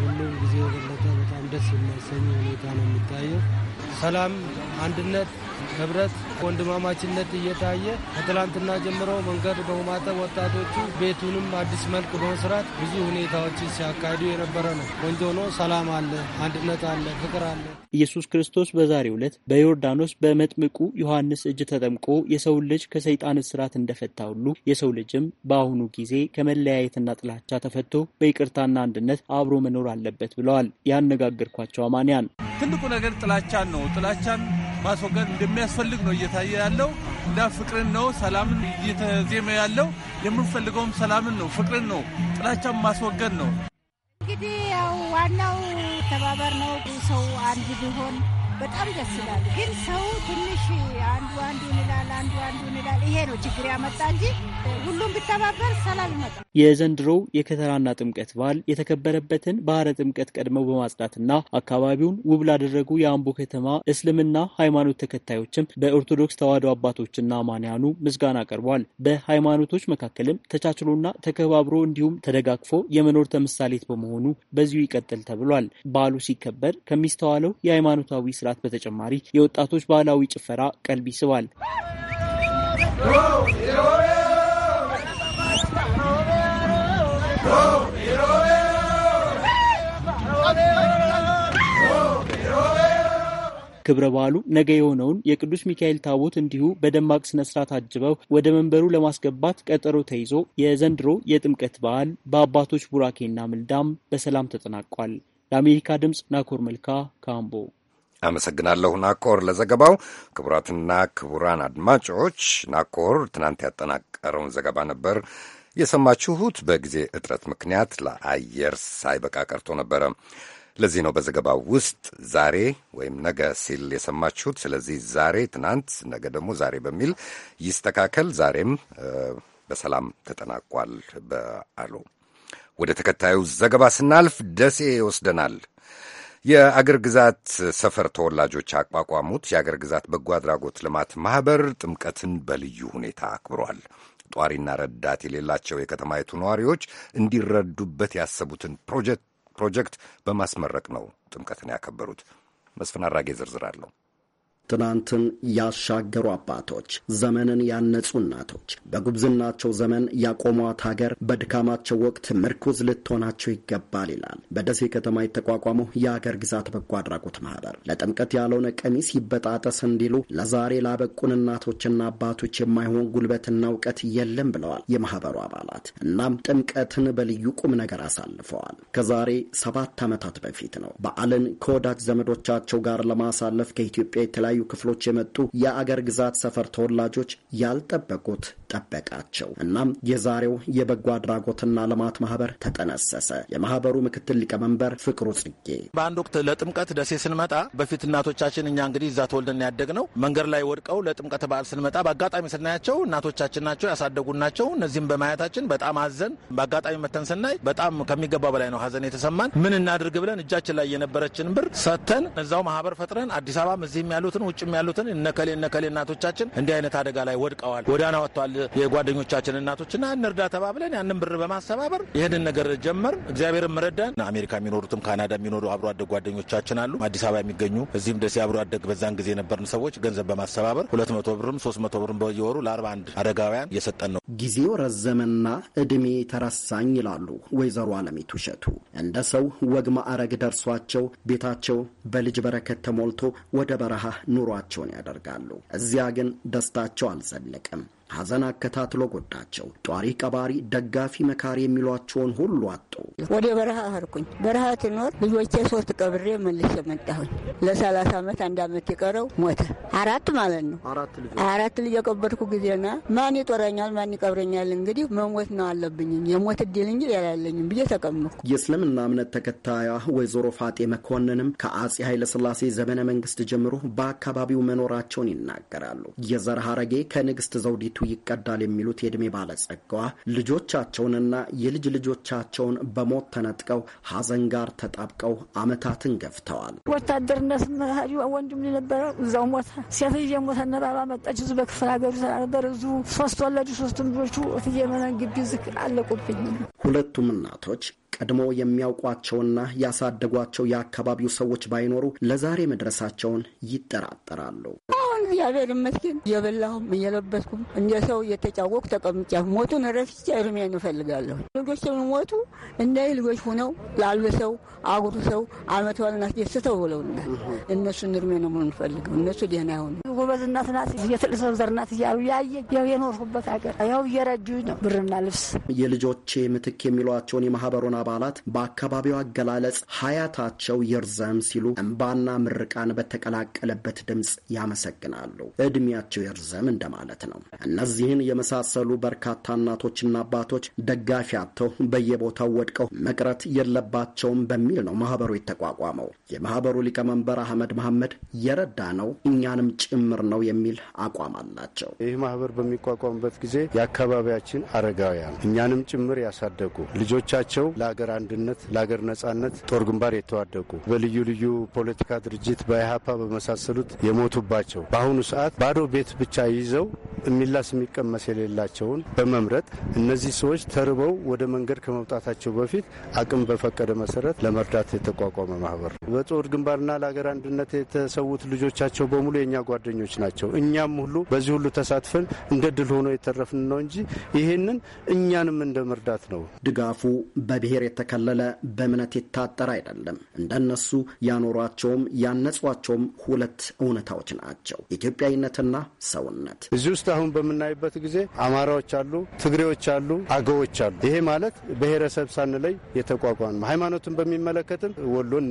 ሁሉም ጊዜ የበለጠ በጣም ደስ የሚያሰኝ ሁኔታ ነው የሚታየው። ሰላም አንድነት ህብረት ወንድማማችነት እየታየ ከትላንትና ጀምሮ መንገድ በሁማተር ወጣቶቹ ቤቱንም አዲስ መልክ በመስራት ብዙ ሁኔታዎችን ሲያካሂዱ የነበረ ነው። ቆንጆ ነው። ሰላም አለ፣ አንድነት አለ፣ ፍቅር አለ። ኢየሱስ ክርስቶስ በዛሬው ዕለት በዮርዳኖስ በመጥምቁ ዮሐንስ እጅ ተጠምቆ የሰውን ልጅ ከሰይጣን እስራት እንደፈታ ሁሉ የሰው ልጅም በአሁኑ ጊዜ ከመለያየትና ጥላቻ ተፈቶ በይቅርታና አንድነት አብሮ መኖር አለበት ብለዋል ያነጋገርኳቸው አማንያን። ትልቁ ነገር ጥላቻን ነው ጥላቻን ማስወገድ እንደሚያስፈልግ ነው እየታየ ያለው። እና ፍቅርን ነው ሰላምን እየተዜመ ያለው። የምንፈልገውም ሰላምን ነው፣ ፍቅርን ነው፣ ጥላቻን ማስወገድ ነው። እንግዲህ ያው ዋናው ተባበር ነው። ሰው አንድ ቢሆን በጣም ደስ ይላል። ግን ሰው ትንሽ አንዱ አንዱን ይላል፣ አንዱ አንዱን ይላል። ይሄ ነው ችግር ያመጣ እንጂ ሁሉም ቢተባበር ሰላም ይመጣል። የዘንድሮው የከተራና ጥምቀት በዓል የተከበረበትን ባህረ ጥምቀት ቀድመው በማጽዳትና አካባቢውን ውብ ላደረጉ የአምቦ ከተማ እስልምና ሃይማኖት ተከታዮችም በኦርቶዶክስ ተዋህዶ አባቶችና አማንያኑ ምስጋና ቀርቧል። በሃይማኖቶች መካከልም ተቻችሎና ተከባብሮ እንዲሁም ተደጋግፎ የመኖር ተምሳሌት በመሆኑ በዚሁ ይቀጥል ተብሏል። በዓሉ ሲከበር ከሚስተዋለው የሃይማኖታዊ ስርዓት በተጨማሪ የወጣቶች ባህላዊ ጭፈራ ቀልብ ይስባል። ክብረ በዓሉ ነገ የሆነውን የቅዱስ ሚካኤል ታቦት እንዲሁ በደማቅ ስነ ስርዓት አጅበው ወደ መንበሩ ለማስገባት ቀጠሮ ተይዞ የዘንድሮ የጥምቀት በዓል በአባቶች ቡራኬና ምልዳም በሰላም ተጠናቋል። ለአሜሪካ ድምፅ ናኮር መልካ ካምቦ አመሰግናለሁ ናኮር ለዘገባው። ክቡራትና ክቡራን አድማጮች ናኮር ትናንት ያጠናቀረውን ዘገባ ነበር የሰማችሁት። በጊዜ እጥረት ምክንያት ለአየር ሳይበቃ ቀርቶ ነበረ። ለዚህ ነው በዘገባው ውስጥ ዛሬ ወይም ነገ ሲል የሰማችሁት። ስለዚህ ዛሬ፣ ትናንት፣ ነገ ደግሞ ዛሬ በሚል ይስተካከል። ዛሬም በሰላም ተጠናቋል በአሉ። ወደ ተከታዩ ዘገባ ስናልፍ ደሴ ይወስደናል። የአገር ግዛት ሰፈር ተወላጆች ያቋቋሙት የአገር ግዛት በጎ አድራጎት ልማት ማኅበር ጥምቀትን በልዩ ሁኔታ አክብሯል። ጧሪና ረዳት የሌላቸው የከተማይቱ ነዋሪዎች እንዲረዱበት ያሰቡትን ፕሮጀክት በማስመረቅ ነው ጥምቀትን ያከበሩት። መስፍን አራጌ ዝርዝር አለው። ትናንትን ያሻገሩ አባቶች፣ ዘመንን ያነጹ እናቶች፣ በጉብዝናቸው ዘመን ያቆሟት ሀገር በድካማቸው ወቅት ምርኩዝ ልትሆናቸው ይገባል ይላል በደሴ ከተማ የተቋቋመው የሀገር ግዛት በጎ አድራጎት ማህበር። ለጥምቀት ያልሆነ ቀሚስ ይበጣጠስ እንዲሉ ለዛሬ ላበቁን እናቶችና አባቶች የማይሆን ጉልበትና እውቀት የለም ብለዋል የማህበሩ አባላት። እናም ጥምቀትን በልዩ ቁም ነገር አሳልፈዋል። ከዛሬ ሰባት ዓመታት በፊት ነው በዓልን ከወዳጅ ዘመዶቻቸው ጋር ለማሳለፍ ከኢትዮጵያ የተለያዩ ከተለያዩ ክፍሎች የመጡ የአገር ግዛት ሰፈር ተወላጆች ያልጠበቁት ጠበቃቸው። እናም የዛሬው የበጎ አድራጎትና ልማት ማህበር ተጠነሰሰ። የማህበሩ ምክትል ሊቀመንበር ፍቅሩ ጽጌ በአንድ ወቅት ለጥምቀት ደሴ ስንመጣ በፊት እናቶቻችን እኛ እንግዲህ እዛ ተወልደን ያደግ ነው መንገድ ላይ ወድቀው ለጥምቀት በዓል ስንመጣ በአጋጣሚ ስናያቸው እናቶቻችን ናቸው ያሳደጉን ናቸው። እነዚህም በማየታችን በጣም አዘን በአጋጣሚ መተን ስናይ በጣም ከሚገባ በላይ ነው ሀዘን የተሰማን። ምን እናድርግ ብለን እጃችን ላይ የነበረችን ብር ሰጥተን እዛው ማህበር ፈጥረን አዲስ አበባም እዚህም ያሉትን ሳይሆን ውጭም ያሉትን እነከሌ እነከሌ እናቶቻችን እንዲህ አይነት አደጋ ላይ ወድቀዋል፣ ወዳና ወጥተዋል የጓደኞቻችን እናቶችና እንርዳ ተባብለን ያንን ብር በማስተባበር ይህንን ነገር ጀመር። እግዚአብሔርም ረዳን። አሜሪካ የሚኖሩትም ካናዳ የሚኖሩ አብሮ አደግ ጓደኞቻችን አሉ፣ አዲስ አበባ የሚገኙ እዚህም ደሴ አብሮ አደግ በዛን ጊዜ የነበርን ሰዎች ገንዘብ በማስተባበር ሁለት መቶ ብርም ሶስት መቶ ብርም በየወሩ ለአርባ አንድ አደጋውያን እየሰጠን ነው። ጊዜው ረዘመና እድሜ ተረሳኝ ይላሉ ወይዘሮ አለሚቱ እሸቱ። እንደ ሰው ወግ ማዕረግ ደርሷቸው ቤታቸው በልጅ በረከት ተሞልቶ ወደ በረሃ ኑሯቸውን ያደርጋሉ። እዚያ ግን ደስታቸው አልዘለቀም። ሐዘን አከታትሎ ጎዳቸው። ጧሪ ቀባሪ፣ ደጋፊ፣ መካሪ የሚሏቸውን ሁሉ አጡ። ወደ በረሃ አርኩኝ በረሃ ትኖር ልጆቼ ሶስት ቀብሬ መልሼ መጣሁኝ። ለሰላሳ ዓመት አንድ ዓመት የቀረው ሞተ። አራት ማለት ነው። አራት ልጅ የቀበርኩ ጊዜና ማን ይጦረኛል ማን ይቀብረኛል? እንግዲህ መሞት ነው አለብኝም የሞት እድል እንጂ ያላለኝም ብዬ ተቀመጥኩ። የእስልምና እምነት ተከታያ ወይዘሮ ፋጤ መኮንንም ከአጼ ኃይለስላሴ ዘመነ መንግስት ጀምሮ በአካባቢው መኖራቸውን ይናገራሉ። የዘር ሀረጌ ከንግስት ዘውዲት ቤቱ ይቀዳል የሚሉት የዕድሜ ባለጸጋዋ ልጆቻቸውንና የልጅ ልጆቻቸውን በሞት ተነጥቀው ሀዘን ጋር ተጣብቀው አመታትን ገፍተዋል። ወታደርነት ወንድም የነበረው እዛው ሞተ። ሴትዬ ሞተ። ነባባ መጣች። እዚሁ በክፍለ ሀገሩ ስራ ነበር። እዚሁ ሶስት ወለዱ። ሶስቱም ልጆቹ እትዬ መነን ግቢ ዝክ አለቁብኝ። ሁለቱም እናቶች ቀድሞ የሚያውቋቸውና ያሳደጓቸው የአካባቢው ሰዎች ባይኖሩ ለዛሬ መድረሳቸውን ይጠራጠራሉ። እግዚአብሔር ይመስገን እየበላሁም እየለበስኩም እንደ ሰው እየተጫወቅ ተቀምጫ ሞቱን ረስቼ እርሜ እፈልጋለሁ። ልጆች ሞቱ እንደ ልጆች ሆነው ላልብሰው አጉርሰው አመት ባልን አስደስተው ብለውና እነሱን እድሜ ነው የምንፈልገው። እነሱ ደህና ሆኑ ጎበዝ እናት ናት የትልቅ ዘር ናት እያሉ ያየ ያው የኖርኩበት ሀገር ያው እየረጁ ነው ብርና ልብስ የልጆቼ ምትክ የሚሏቸውን የማህበሩን አባላት በአካባቢው አገላለጽ ሀያታቸው ይርዘም ሲሉ እምባና ምርቃን በተቀላቀለበት ድምፅ ያመሰግናል። ይሆናሉ። እድሜያቸው ይርዘም እንደማለት ነው። እነዚህን የመሳሰሉ በርካታ እናቶችና አባቶች ደጋፊ አጥተው በየቦታው ወድቀው መቅረት የለባቸውም በሚል ነው ማህበሩ የተቋቋመው። የማህበሩ ሊቀመንበር አህመድ መሐመድ የረዳ ነው እኛንም ጭምር ነው የሚል አቋም አላቸው። ይህ ማህበር በሚቋቋምበት ጊዜ የአካባቢያችን አረጋውያን እኛንም ጭምር ያሳደጉ ልጆቻቸው ለአገር አንድነት፣ ለአገር ነጻነት ጦር ግንባር የተዋደቁ በልዩ ልዩ ፖለቲካ ድርጅት በኢህአፓ በመሳሰሉት የሞቱባቸው በአሁኑ በአሁኑ ሰዓት ባዶ ቤት ብቻ ይዘው የሚላስ የሚቀመስ የሌላቸውን በመምረጥ እነዚህ ሰዎች ተርበው ወደ መንገድ ከመውጣታቸው በፊት አቅም በፈቀደ መሰረት ለመርዳት የተቋቋመ ማህበር ነው። በጦር ግንባርና ለሀገር አንድነት የተሰዉት ልጆቻቸው በሙሉ የእኛ ጓደኞች ናቸው። እኛም ሁሉ በዚህ ሁሉ ተሳትፈን እንደ ድል ሆኖ የተረፍን ነው እንጂ ይህንን እኛንም እንደ መርዳት ነው። ድጋፉ በብሔር የተከለለ በእምነት የታጠረ አይደለም። እንደነሱ ያኖሯቸውም ያነጿቸውም ሁለት እውነታዎች ናቸው። ኢትዮጵያዊነትና ሰውነት እዚህ ውስጥ አሁን በምናይበት ጊዜ አማራዎች አሉ፣ ትግሬዎች አሉ፣ አገዎች አሉ። ይሄ ማለት ብሔረሰብ ሳንለይ የተቋቋመ ሃይማኖትን በሚመለከትም ወሎን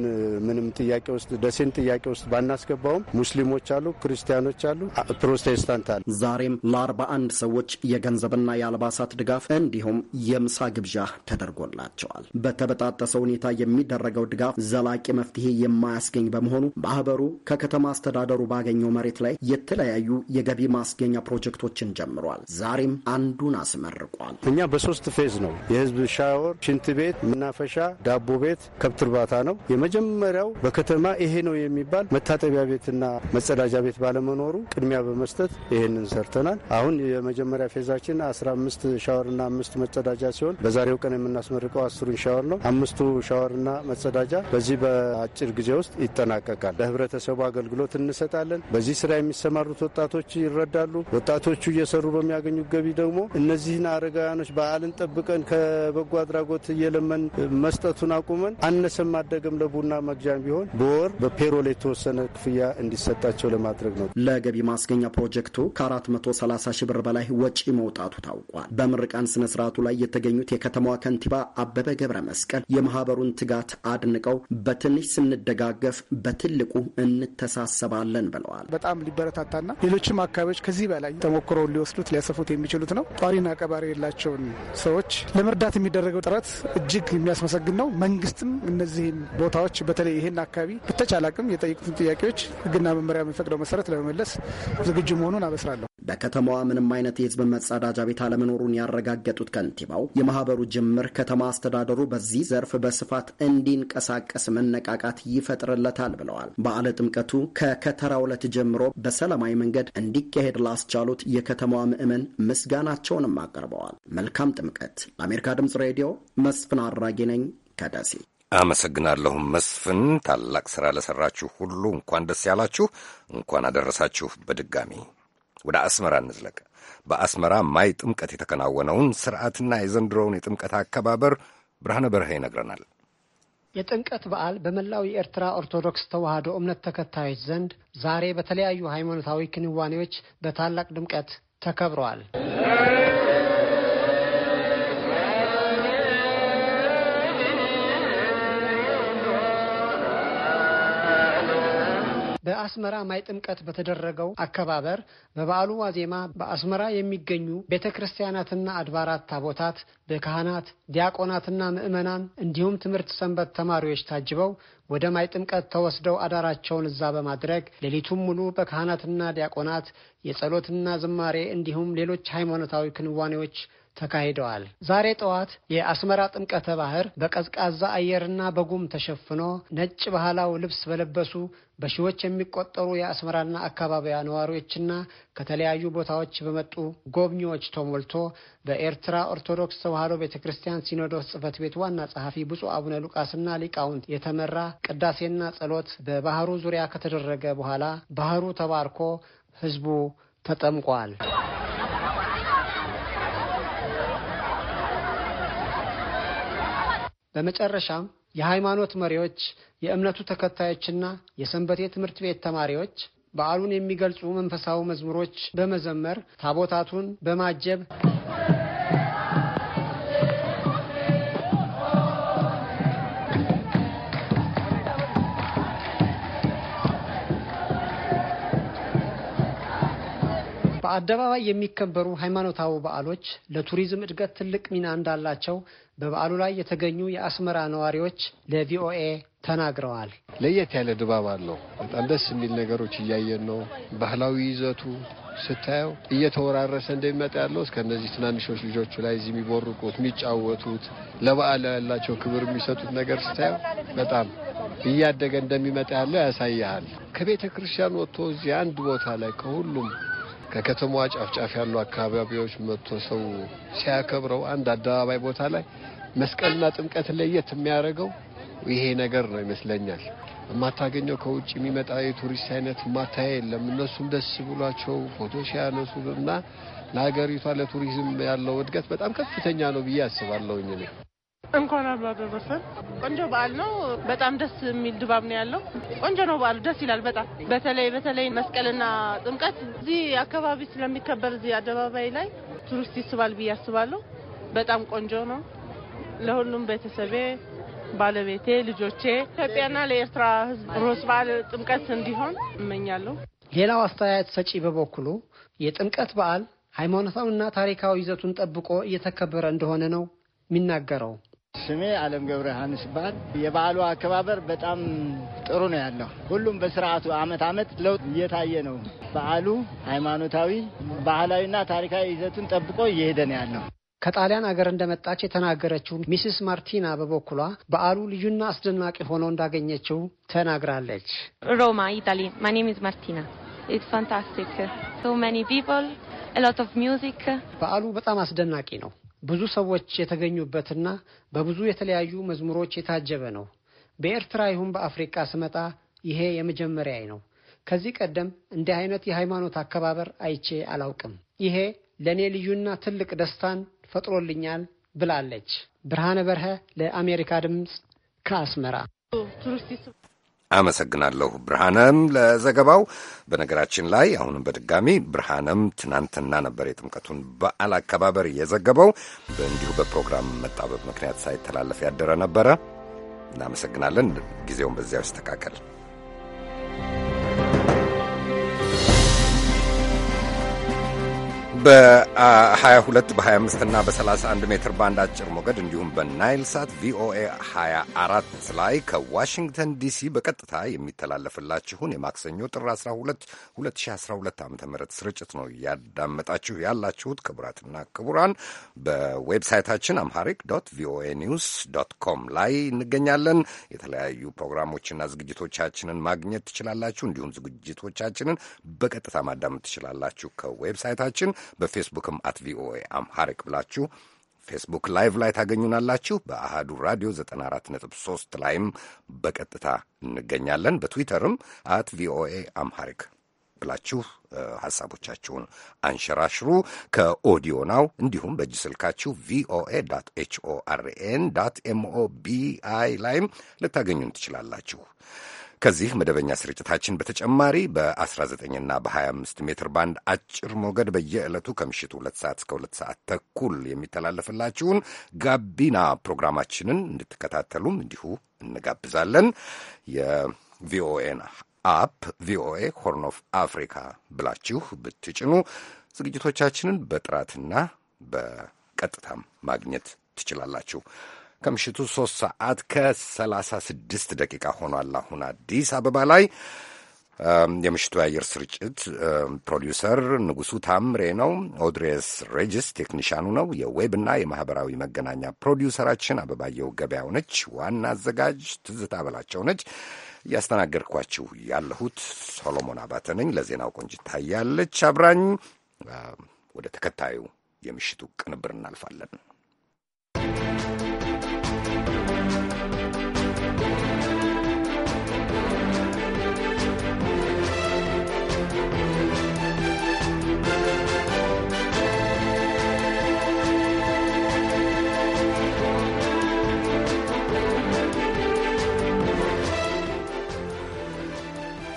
ምንም ጥያቄ ውስጥ ደሴን ጥያቄ ውስጥ ባናስገባውም ሙስሊሞች አሉ፣ ክርስቲያኖች አሉ፣ ፕሮቴስታንት አሉ። ዛሬም ለአርባ አንድ ሰዎች የገንዘብና የአልባሳት ድጋፍ እንዲሁም የምሳ ግብዣ ተደርጎላቸዋል። በተበጣጠሰ ሁኔታ የሚደረገው ድጋፍ ዘላቂ መፍትሄ የማያስገኝ በመሆኑ ማህበሩ ከከተማ አስተዳደሩ ባገኘው መሬት ላይ የተለያዩ የገቢ ማስገኛ ፕሮጀክቶችን ጀምሯል። ዛሬም አንዱን አስመርቋል። እኛ በሶስት ፌዝ ነው የህዝብ ሻወር፣ ሽንት ቤት፣ መናፈሻ፣ ዳቦ ቤት፣ ከብት እርባታ ነው። የመጀመሪያው በከተማ ይሄ ነው የሚባል መታጠቢያ ቤትና መጸዳጃ ቤት ባለመኖሩ ቅድሚያ በመስጠት ይሄንን ሰርተናል። አሁን የመጀመሪያ ፌዛችን አስራ አምስት ሻወርና አምስት መጸዳጃ ሲሆን በዛሬው ቀን የምናስመርቀው አስሩን ሻወር ነው። አምስቱ ሻወርና መጸዳጃ በዚህ በአጭር ጊዜ ውስጥ ይጠናቀቃል። ለህብረተሰቡ አገልግሎት እንሰጣለን። በዚህ ስራ የሚ የሚሰማሩት ወጣቶች ይረዳሉ። ወጣቶቹ እየሰሩ በሚያገኙት ገቢ ደግሞ እነዚህን አረጋውያኖች በዓልን ጠብቀን ከበጎ አድራጎት እየለመን መስጠቱን አቁመን አነሰም ማደገም ለቡና መግዣም ቢሆን በወር በፔሮል የተወሰነ ክፍያ እንዲሰጣቸው ለማድረግ ነው። ለገቢ ማስገኛ ፕሮጀክቱ ከ430 ሺህ ብር በላይ ወጪ መውጣቱ ታውቋል። በምርቃን ስነ ስርዓቱ ላይ የተገኙት የከተማዋ ከንቲባ አበበ ገብረ መስቀል የማህበሩን ትጋት አድንቀው በትንሽ ስንደጋገፍ በትልቁ እንተሳሰባለን ብለዋል። በጣም የሚበረታታና ሌሎችም አካባቢዎች ከዚህ በላይ ተሞክሮውን ሊወስዱት ሊያሰፉት የሚችሉት ነው። ጧሪና ቀባሪ የላቸውን ሰዎች ለመርዳት የሚደረገው ጥረት እጅግ የሚያስመሰግን ነው። መንግስትም እነዚህን ቦታዎች በተለይ ይህን አካባቢ በተቻለ አቅም የጠየቁትን ጥያቄዎች ህግና መመሪያ የሚፈቅደው መሰረት ለመመለስ ዝግጁ መሆኑን አበስራለሁ። በከተማዋ ምንም አይነት የህዝብ መጸዳጃ ቤት አለመኖሩን ያረጋገጡት ከንቲባው የማህበሩ ጅምር ከተማ አስተዳደሩ በዚህ ዘርፍ በስፋት እንዲንቀሳቀስ መነቃቃት ይፈጥርለታል ብለዋል። በዓለ ጥምቀቱ ከከተራ ሁለት ጀምሮ በ በሰላማዊ መንገድ እንዲካሄድ ላስቻሉት የከተማዋ ምዕመን ምስጋናቸውንም አቀርበዋል። መልካም ጥምቀት። ለአሜሪካ ድምፅ ሬዲዮ መስፍን አራጌ ነኝ ከደሴ አመሰግናለሁ መስፍን። ታላቅ ሥራ ለሠራችሁ ሁሉ እንኳን ደስ ያላችሁ፣ እንኳን አደረሳችሁ። በድጋሚ ወደ አስመራ እንዝለቅ። በአስመራ ማይ ጥምቀት የተከናወነውን ስርዓትና የዘንድሮውን የጥምቀት አከባበር ብርሃነ በረሃ ይነግረናል። የጥምቀት በዓል በመላው የኤርትራ ኦርቶዶክስ ተዋሕዶ እምነት ተከታዮች ዘንድ ዛሬ በተለያዩ ሃይማኖታዊ ክንዋኔዎች በታላቅ ድምቀት ተከብረዋል። በአስመራ ማይ ጥምቀት በተደረገው አከባበር በበዓሉ ዋዜማ በአስመራ የሚገኙ ቤተ ክርስቲያናትና አድባራት ታቦታት በካህናት ዲያቆናትና ምዕመናን እንዲሁም ትምህርት ሰንበት ተማሪዎች ታጅበው ወደ ማይ ጥምቀት ተወስደው አዳራቸውን እዛ በማድረግ ሌሊቱም ሙሉ በካህናትና ዲያቆናት የጸሎትና ዝማሬ እንዲሁም ሌሎች ሃይማኖታዊ ክንዋኔዎች ተካሂደዋል። ዛሬ ጠዋት የአስመራ ጥምቀተ ባህር በቀዝቃዛ አየርና በጉም ተሸፍኖ ነጭ ባህላዊ ልብስ በለበሱ በሺዎች የሚቆጠሩ የአስመራና አካባቢያ ነዋሪዎችና ከተለያዩ ቦታዎች በመጡ ጎብኚዎች ተሞልቶ በኤርትራ ኦርቶዶክስ ተዋሕዶ ቤተ ክርስቲያን ሲኖዶስ ጽሕፈት ቤት ዋና ጸሐፊ ብፁዕ አቡነ ሉቃስና ሊቃውንት የተመራ ቅዳሴና ጸሎት በባህሩ ዙሪያ ከተደረገ በኋላ ባህሩ ተባርኮ ሕዝቡ ተጠምቋል። በመጨረሻም የሃይማኖት መሪዎች፣ የእምነቱ ተከታዮችና የሰንበቴ ትምህርት ቤት ተማሪዎች በዓሉን የሚገልጹ መንፈሳዊ መዝሙሮች በመዘመር ታቦታቱን በማጀብ በአደባባይ የሚከበሩ ሃይማኖታዊ በዓሎች ለቱሪዝም እድገት ትልቅ ሚና እንዳላቸው በበዓሉ ላይ የተገኙ የአስመራ ነዋሪዎች ለቪኦኤ ተናግረዋል። ለየት ያለ ድባብ አለው። በጣም ደስ የሚል ነገሮች እያየን ነው። ባህላዊ ይዘቱ ስታየው እየተወራረሰ እንደሚመጣ ያለው እስከ እነዚህ ትናንሾች ልጆቹ ላይ እዚህ የሚቦርቁት የሚጫወቱት፣ ለበዓል ያላቸው ክብር የሚሰጡት ነገር ስታየው በጣም እያደገ እንደሚመጣ ያለው ያሳያል። ከቤተ ክርስቲያን ወጥቶ እዚህ አንድ ቦታ ላይ ከሁሉም ከከተማዋ ጫፍጫፍ ያሉ አካባቢዎች መጥቶ ሰው ሲያከብረው አንድ አደባባይ ቦታ ላይ መስቀልና ጥምቀት ለየት የሚያደርገው ይሄ ነገር ነው ይመስለኛል። የማታገኘው ከውጭ የሚመጣ የቱሪስት አይነት ማታየ የለም። እነሱም ደስ ብሏቸው ፎቶ ሲያነሱ እና ለሀገሪቷ ለቱሪዝም ያለው እድገት በጣም ከፍተኛ ነው ብዬ አስባለሁኝ። እንኳን አብሮ አደረሰን። ቆንጆ በዓል ነው። በጣም ደስ የሚል ድባብ ነው ያለው። ቆንጆ ነው በዓሉ፣ ደስ ይላል በጣም በተለይ በተለይ መስቀልና ጥምቀት እዚህ አካባቢ ስለሚከበር እዚህ አደባባይ ላይ ቱሪስት ይስባል ብዬ አስባለሁ። በጣም ቆንጆ ነው። ለሁሉም ቤተሰቤ፣ ባለቤቴ፣ ልጆቼ ኢትዮጵያና ለኤርትራ ሕዝብ ሮስ በዓል ጥምቀት እንዲሆን እመኛለሁ። ሌላው አስተያየት ሰጪ በበኩሉ የጥምቀት በዓል ሃይማኖታዊና ታሪካዊ ይዘቱን ጠብቆ እየተከበረ እንደሆነ ነው የሚናገረው። ስሜ አለም ገብረ ሀንስ ይባል። የበዓሉ አከባበር በጣም ጥሩ ነው ያለው። ሁሉም በስርዓቱ አመት አመት ለውጥ እየታየ ነው። በዓሉ ሃይማኖታዊ፣ ባህላዊና ታሪካዊ ይዘቱን ጠብቆ እየሄደ ነው ያለው። ከጣሊያን አገር እንደመጣች የተናገረችው ሚስስ ማርቲና በበኩሏ በዓሉ ልዩና አስደናቂ ሆኖ እንዳገኘችው ተናግራለች። ሮማ ኢታሊ ማይ ማርቲና ኢትስ ፋንታስቲክ ሶ ማኒ ፒፕል ኤ ሎት ኦፍ ሚውዚክ። በዓሉ በጣም አስደናቂ ነው ብዙ ሰዎች የተገኙበትና በብዙ የተለያዩ መዝሙሮች የታጀበ ነው። በኤርትራ ይሁን በአፍሪቃ ስመጣ ይሄ የመጀመሪያ ነው። ከዚህ ቀደም እንዲህ አይነት የሃይማኖት አከባበር አይቼ አላውቅም። ይሄ ለእኔ ልዩና ትልቅ ደስታን ፈጥሮልኛል ብላለች ብርሃነ በርሀ ለአሜሪካ ድምፅ ከአስመራ አመሰግናለሁ ብርሃነም ለዘገባው። በነገራችን ላይ አሁንም በድጋሚ ብርሃነም ትናንትና ነበር የጥምቀቱን በዓል አከባበር የዘገበው። በእንዲሁ በፕሮግራም መጣበብ ምክንያት ሳይተላለፍ ያደረ ነበረ። እናመሰግናለን። ጊዜውን በዚያው ይስተካከል። በ22 በ25 እና በ31 ሜትር ባንድ አጭር ሞገድ እንዲሁም በናይል ሳት ቪኦኤ 24 ላይ ከዋሽንግተን ዲሲ በቀጥታ የሚተላለፍላችሁን የማክሰኞ ጥር 12 2012 ዓ ም ስርጭት ነው እያዳመጣችሁ ያላችሁት። ክቡራትና ክቡራን በዌብሳይታችን አምሃሪክ ዶት ቪኦኤ ኒውስ ዶት ኮም ላይ እንገኛለን። የተለያዩ ፕሮግራሞችና ዝግጅቶቻችንን ማግኘት ትችላላችሁ። እንዲሁም ዝግጅቶቻችንን በቀጥታ ማዳመጥ ትችላላችሁ ከዌብሳይታችን በፌስቡክም አት ቪኦኤ አምሃሪክ ብላችሁ ፌስቡክ ላይቭ ላይ ታገኙናላችሁ። በአሃዱ ራዲዮ 94.3 ላይም በቀጥታ እንገኛለን። በትዊተርም አት ቪኦኤ አምሃሪክ ብላችሁ ሐሳቦቻችሁን አንሸራሽሩ። ከኦዲዮ ናው እንዲሁም በእጅ ስልካችሁ ቪኦኤ ዶት ኤችኦአርኤን ዶት ቢአይ ላይም ልታገኙን ትችላላችሁ። ከዚህ መደበኛ ስርጭታችን በተጨማሪ በ19ና በ25 ሜትር ባንድ አጭር ሞገድ በየዕለቱ ከምሽቱ ሁለት ሰዓት እስከ ሁለት ሰዓት ተኩል የሚተላለፍላችሁን ጋቢና ፕሮግራማችንን እንድትከታተሉም እንዲሁ እንጋብዛለን። የቪኦኤን አፕ ቪኦኤ ሆርን ኦፍ አፍሪካ ብላችሁ ብትጭኑ ዝግጅቶቻችንን በጥራትና በቀጥታም ማግኘት ትችላላችሁ። ከምሽቱ 3 ሰዓት ከ36 ደቂቃ ሆኗል። አሁን አዲስ አበባ ላይ የምሽቱ የአየር ስርጭት ፕሮዲውሰር ንጉሱ ታምሬ ነው። ኦድሬስ ሬጅስ ቴክኒሻኑ ነው። የዌብና የማህበራዊ መገናኛ ፕሮዲውሰራችን አበባየው ገበያው ነች። ዋና አዘጋጅ ትዝታ በላቸው ነች። እያስተናገድኳችሁ ያለሁት ሶሎሞን አባተ ነኝ። ለዜናው ቆንጅት ታያለች አብራኝ። ወደ ተከታዩ የምሽቱ ቅንብር እናልፋለን።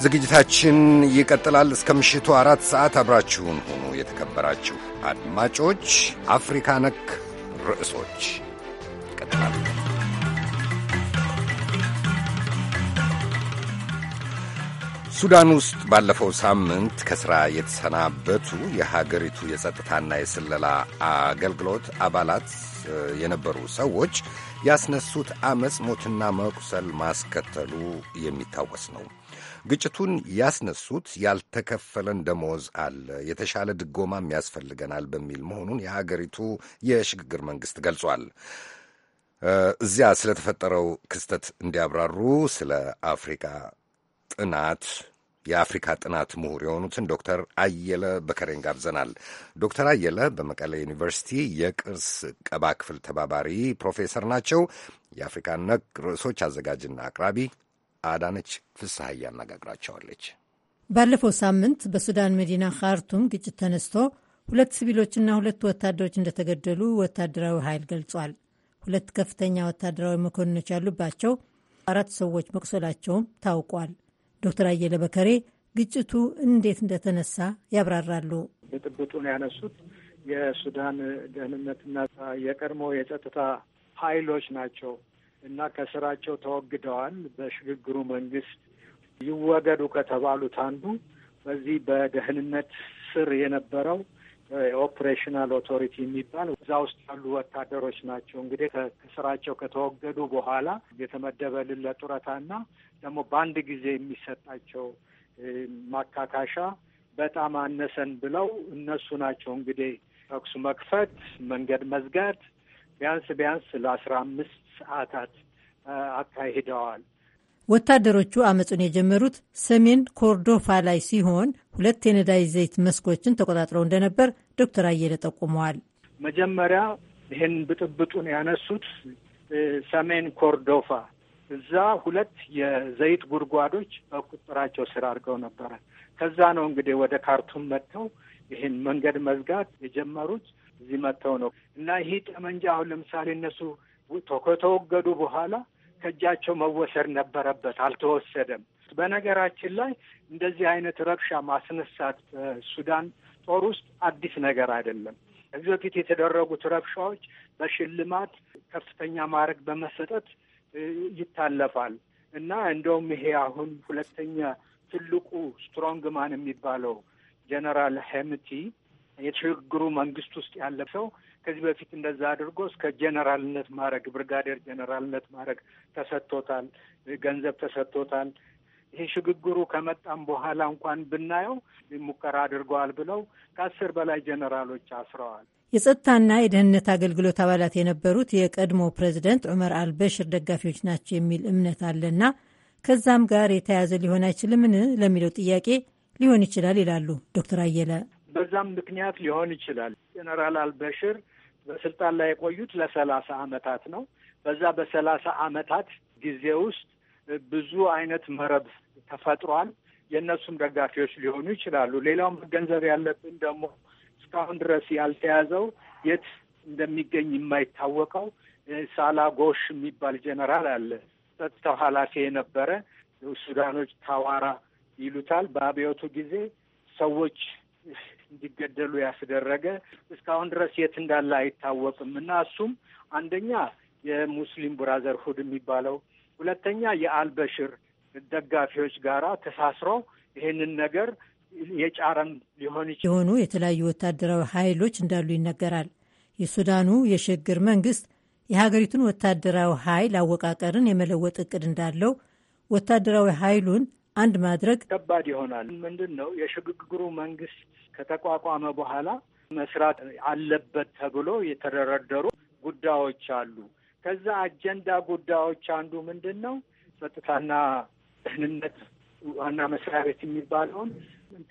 ዝግጅታችን ይቀጥላል። እስከ ምሽቱ አራት ሰዓት አብራችሁን ሁኑ። የተከበራችሁ አድማጮች፣ አፍሪካ ነክ ርዕሶች ይቀጥላል። ሱዳን ውስጥ ባለፈው ሳምንት ከሥራ የተሰናበቱ የሀገሪቱ የጸጥታና የስለላ አገልግሎት አባላት የነበሩ ሰዎች ያስነሱት አመፅ ሞትና መቁሰል ማስከተሉ የሚታወስ ነው። ግጭቱን ያስነሱት ያልተከፈለን ደሞዝ አለ፣ የተሻለ ድጎማም ያስፈልገናል በሚል መሆኑን የሀገሪቱ የሽግግር መንግስት ገልጿል። እዚያ ስለተፈጠረው ክስተት እንዲያብራሩ ስለ አፍሪካ ጥናት የአፍሪካ ጥናት ምሁር የሆኑትን ዶክተር አየለ በከሬን ጋብዘናል። ዶክተር አየለ በመቀሌ ዩኒቨርሲቲ የቅርስ ቀባ ክፍል ተባባሪ ፕሮፌሰር ናቸው። የአፍሪካ ነክ ርዕሶች አዘጋጅና አቅራቢ አዳነች ፍስሐ አነጋግራቸዋለች። ባለፈው ሳምንት በሱዳን መዲና ካርቱም ግጭት ተነስቶ ሁለት ሲቪሎችና ሁለት ወታደሮች እንደተገደሉ ወታደራዊ ኃይል ገልጿል። ሁለት ከፍተኛ ወታደራዊ መኮንኖች ያሉባቸው አራት ሰዎች መቁሰላቸውም ታውቋል። ዶክተር አየለ በከሬ ግጭቱ እንዴት እንደተነሳ ያብራራሉ። ብጥብጡን ያነሱት የሱዳን ደህንነትና የቀድሞ የጸጥታ ኃይሎች ናቸው። እና ከስራቸው ተወግደዋል። በሽግግሩ መንግስት ይወገዱ ከተባሉት አንዱ በዚህ በደህንነት ስር የነበረው ኦፕሬሽናል ኦቶሪቲ የሚባል እዛ ውስጥ ያሉ ወታደሮች ናቸው። እንግዲህ ከስራቸው ከተወገዱ በኋላ የተመደበልን ለጡረታ እና ደግሞ በአንድ ጊዜ የሚሰጣቸው ማካካሻ በጣም አነሰን ብለው እነሱ ናቸው እንግዲህ ተኩሱ መክፈት፣ መንገድ መዝጋት ቢያንስ ቢያንስ ለአስራ አምስት ሰዓታት አካሂደዋል። ወታደሮቹ አመፁን የጀመሩት ሰሜን ኮርዶፋ ላይ ሲሆን ሁለት የነዳጅ ዘይት መስኮችን ተቆጣጥረው እንደነበር ዶክተር አየለ ጠቁመዋል። መጀመሪያ ይህን ብጥብጡን ያነሱት ሰሜን ኮርዶፋ እዛ ሁለት የዘይት ጉድጓዶች በቁጥራቸው ስር አድርገው ነበረ። ከዛ ነው እንግዲህ ወደ ካርቱም መጥተው ይህን መንገድ መዝጋት የጀመሩት። እዚህ መጥተው ነው እና ይህ ጠመንጃ አሁን ለምሳሌ እነሱ ከተወገዱ በኋላ ከእጃቸው መወሰድ ነበረበት፣ አልተወሰደም። በነገራችን ላይ እንደዚህ አይነት ረብሻ ማስነሳት ሱዳን ጦር ውስጥ አዲስ ነገር አይደለም። ከዚህ በፊት የተደረጉት ረብሻዎች በሽልማት ከፍተኛ ማዕረግ በመሰጠት ይታለፋል እና እንደውም ይሄ አሁን ሁለተኛ ትልቁ ስትሮንግማን የሚባለው ጀነራል ሄምቲ የሽግግሩ መንግስት ውስጥ ያለ ሰው ከዚህ በፊት እንደዛ አድርጎ እስከ ጀነራልነት ማድረግ ብርጋዴር ጀነራልነት ማድረግ ተሰጥቶታል፣ ገንዘብ ተሰጥቶታል። ይሄ ሽግግሩ ከመጣም በኋላ እንኳን ብናየው ሙከራ አድርገዋል ብለው ከአስር በላይ ጀነራሎች አስረዋል። የጸጥታና የደህንነት አገልግሎት አባላት የነበሩት የቀድሞ ፕሬዚደንት ዑመር አልበሽር ደጋፊዎች ናቸው የሚል እምነት አለና ከዛም ጋር የተያያዘ ሊሆን አይችልምን ለሚለው ጥያቄ ሊሆን ይችላል ይላሉ ዶክተር አየለ። በዛም ምክንያት ሊሆን ይችላል። ጀነራል አልበሽር በስልጣን ላይ የቆዩት ለሰላሳ አመታት ነው። በዛ በሰላሳ አመታት ጊዜ ውስጥ ብዙ አይነት መረብ ተፈጥሯል። የእነሱም ደጋፊዎች ሊሆኑ ይችላሉ። ሌላውም መገንዘብ ያለብን ደግሞ እስካሁን ድረስ ያልተያዘው የት እንደሚገኝ የማይታወቀው ሳላ ጎሽ የሚባል ጀነራል አለ። ጸጥታው ኃላፊ የነበረ ሱዳኖች ታዋራ ይሉታል። በአብዮቱ ጊዜ ሰዎች እንዲገደሉ ያስደረገ እስካሁን ድረስ የት እንዳለ አይታወቅም እና እሱም አንደኛ የሙስሊም ብራዘርሁድ የሚባለው ሁለተኛ የአልበሽር ደጋፊዎች ጋራ ተሳስሮ ይህንን ነገር የጫረም ሊሆን ይችላል። የሆኑ የተለያዩ ወታደራዊ ኃይሎች እንዳሉ ይነገራል። የሱዳኑ የሽግግር መንግስት የሀገሪቱን ወታደራዊ ኃይል አወቃቀርን የመለወጥ እቅድ እንዳለው ወታደራዊ ኃይሉን አንድ ማድረግ ከባድ ይሆናል። ምንድን ነው የሽግግሩ መንግስት ከተቋቋመ በኋላ መስራት አለበት ተብሎ የተደረደሩ ጉዳዮች አሉ። ከዛ አጀንዳ ጉዳዮች አንዱ ምንድን ነው? ጸጥታና ደህንነት ዋና መስሪያ ቤት የሚባለውን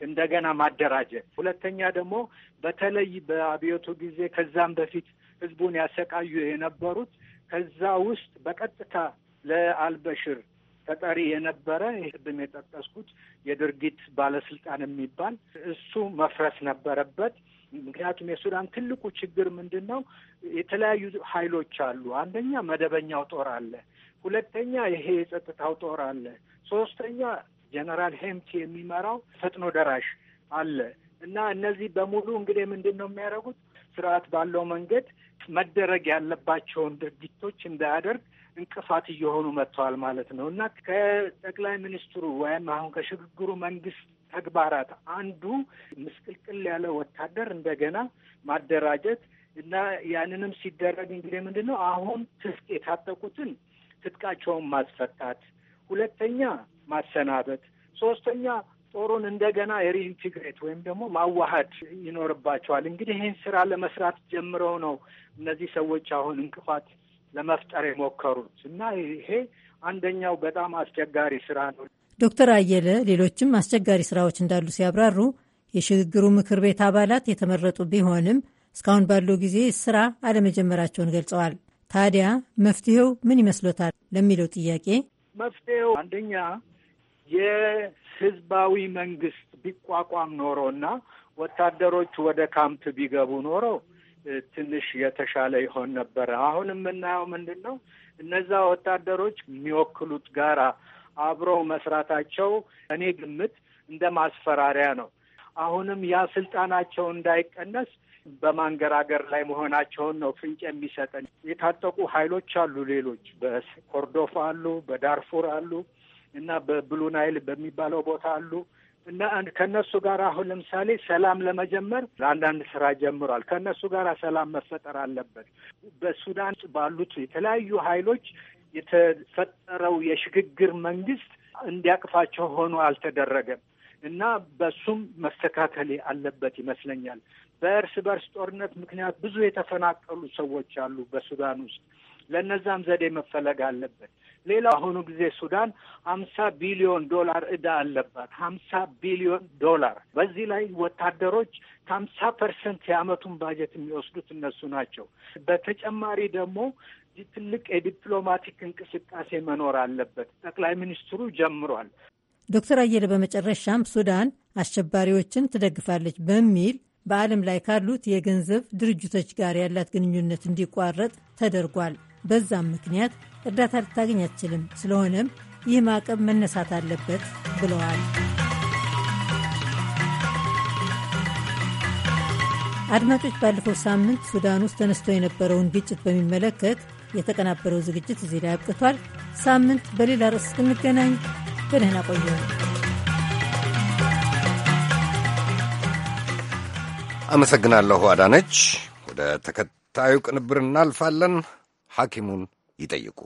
እንደገና ማደራጀት፣ ሁለተኛ ደግሞ በተለይ በአብዮቱ ጊዜ ከዛም በፊት ህዝቡን ያሰቃዩ የነበሩት ከዛ ውስጥ በቀጥታ ለአልበሽር ተጠሪ የነበረ ቅድም የጠቀስኩት የድርጊት ባለስልጣን የሚባል እሱ መፍረስ ነበረበት። ምክንያቱም የሱዳን ትልቁ ችግር ምንድን ነው? የተለያዩ ኃይሎች አሉ። አንደኛ መደበኛው ጦር አለ፣ ሁለተኛ ይሄ የጸጥታው ጦር አለ፣ ሶስተኛ ጀነራል ሄምቲ የሚመራው ፈጥኖ ደራሽ አለ እና እነዚህ በሙሉ እንግዲህ ምንድን ነው የሚያደርጉት ስርዓት ባለው መንገድ መደረግ ያለባቸውን ድርጊቶች እንዳያደርግ እንቅፋት እየሆኑ መጥተዋል ማለት ነው እና ከጠቅላይ ሚኒስትሩ ወይም አሁን ከሽግግሩ መንግስት ተግባራት አንዱ ምስቅልቅል ያለ ወታደር እንደገና ማደራጀት እና ያንንም ሲደረግ እንግዲህ ምንድን ነው አሁን ትጥቅ የታጠቁትን ትጥቃቸውን ማስፈታት፣ ሁለተኛ ማሰናበት፣ ሶስተኛ ጦሩን እንደገና የሪኢንቲግሬት ወይም ደግሞ ማዋሀድ ይኖርባቸዋል። እንግዲህ ይህን ስራ ለመስራት ጀምረው ነው እነዚህ ሰዎች አሁን እንቅፋት ለመፍጠር የሞከሩት እና ይሄ አንደኛው በጣም አስቸጋሪ ስራ ነው። ዶክተር አየለ ሌሎችም አስቸጋሪ ስራዎች እንዳሉ ሲያብራሩ የሽግግሩ ምክር ቤት አባላት የተመረጡ ቢሆንም እስካሁን ባለው ጊዜ ስራ አለመጀመራቸውን ገልጸዋል። ታዲያ መፍትሄው ምን ይመስሎታል ለሚለው ጥያቄ መፍትሄው አንደኛ የህዝባዊ መንግስት ቢቋቋም ኖሮ እና ወታደሮች ወደ ካምፕ ቢገቡ ኖሮ ትንሽ የተሻለ ይሆን ነበረ። አሁን የምናየው ምንድን ነው? እነዛ ወታደሮች የሚወክሉት ጋራ አብረው መስራታቸው እኔ ግምት እንደ ማስፈራሪያ ነው። አሁንም ያ ስልጣናቸው እንዳይቀነስ በማንገራገር ላይ መሆናቸውን ነው ፍንጭ የሚሰጠን። የታጠቁ ኃይሎች አሉ፣ ሌሎች በኮርዶፍ አሉ፣ በዳርፉር አሉ እና በብሉ ናይል በሚባለው ቦታ አሉ። እና ከእነሱ ጋር አሁን ለምሳሌ ሰላም ለመጀመር አንዳንድ ስራ ጀምሯል። ከእነሱ ጋር ሰላም መፈጠር አለበት። በሱዳን ባሉት የተለያዩ ኃይሎች የተፈጠረው የሽግግር መንግስት እንዲያቅፋቸው ሆኖ አልተደረገም እና በሱም መስተካከል አለበት ይመስለኛል። በእርስ በርስ ጦርነት ምክንያት ብዙ የተፈናቀሉ ሰዎች አሉ በሱዳን ውስጥ። ለእነዛም ዘዴ መፈለግ አለበት። ሌላ አሁኑ ጊዜ ሱዳን ሀምሳ ቢሊዮን ዶላር እዳ አለባት። ሀምሳ ቢሊዮን ዶላር። በዚህ ላይ ወታደሮች ከሀምሳ ፐርሰንት የአመቱን ባጀት የሚወስዱት እነሱ ናቸው። በተጨማሪ ደግሞ ትልቅ የዲፕሎማቲክ እንቅስቃሴ መኖር አለበት። ጠቅላይ ሚኒስትሩ ጀምሯል። ዶክተር አየለ በመጨረሻም ሱዳን አሸባሪዎችን ትደግፋለች በሚል በዓለም ላይ ካሉት የገንዘብ ድርጅቶች ጋር ያላት ግንኙነት እንዲቋረጥ ተደርጓል። በዛም ምክንያት እርዳታ ልታገኝ አትችልም። ስለሆነም ይህ ማዕቀብ መነሳት አለበት ብለዋል። አድማጮች፣ ባለፈው ሳምንት ሱዳን ውስጥ ተነስቶ የነበረውን ግጭት በሚመለከት የተቀናበረው ዝግጅት እዚህ ላይ አብቅቷል። ሳምንት በሌላ ርዕስ እስክንገናኝ በደህና ቆዩ። አመሰግናለሁ አዳነች። ወደ ተከታዩ ቅንብር እናልፋለን። ሐኪሙን ይጠይቁ።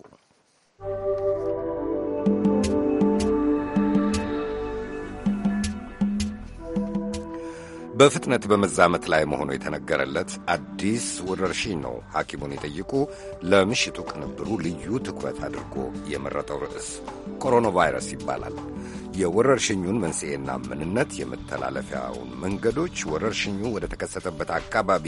በፍጥነት በመዛመት ላይ መሆኑ የተነገረለት አዲስ ወረርሽኝ ነው። ሐኪሙን ይጠይቁ ለምሽቱ ቅንብሩ ልዩ ትኩረት አድርጎ የመረጠው ርዕስ ኮሮና ቫይረስ ይባላል። የወረርሽኙን መንስኤና ምንነት፣ የመተላለፊያውን መንገዶች፣ ወረርሽኙ ወደ ተከሰተበት አካባቢ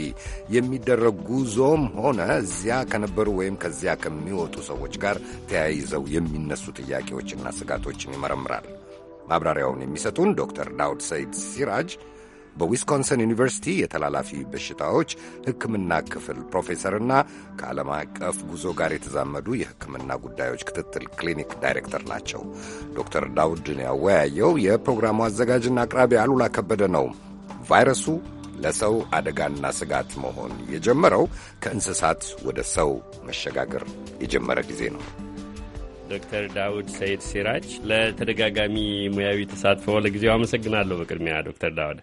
የሚደረግ ጉዞም ሆነ እዚያ ከነበሩ ወይም ከዚያ ከሚወጡ ሰዎች ጋር ተያይዘው የሚነሱ ጥያቄዎችና ስጋቶችን ይመረምራል። ማብራሪያውን የሚሰጡን ዶክተር ዳውድ ሰይድ ሲራጅ በዊስኮንሰን ዩኒቨርሲቲ የተላላፊ በሽታዎች ሕክምና ክፍል ፕሮፌሰርና ከዓለም አቀፍ ጉዞ ጋር የተዛመዱ የሕክምና ጉዳዮች ክትትል ክሊኒክ ዳይሬክተር ናቸው። ዶክተር ዳውድን ያወያየው የፕሮግራሙ አዘጋጅና አቅራቢ አሉላ ከበደ ነው። ቫይረሱ ለሰው አደጋና ስጋት መሆን የጀመረው ከእንስሳት ወደ ሰው መሸጋገር የጀመረ ጊዜ ነው። ዶክተር ዳውድ ሰይድ ሲራጅ ለተደጋጋሚ ሙያዊ ተሳትፎ ለጊዜው አመሰግናለሁ። በቅድሚያ ዶክተር ዳውድ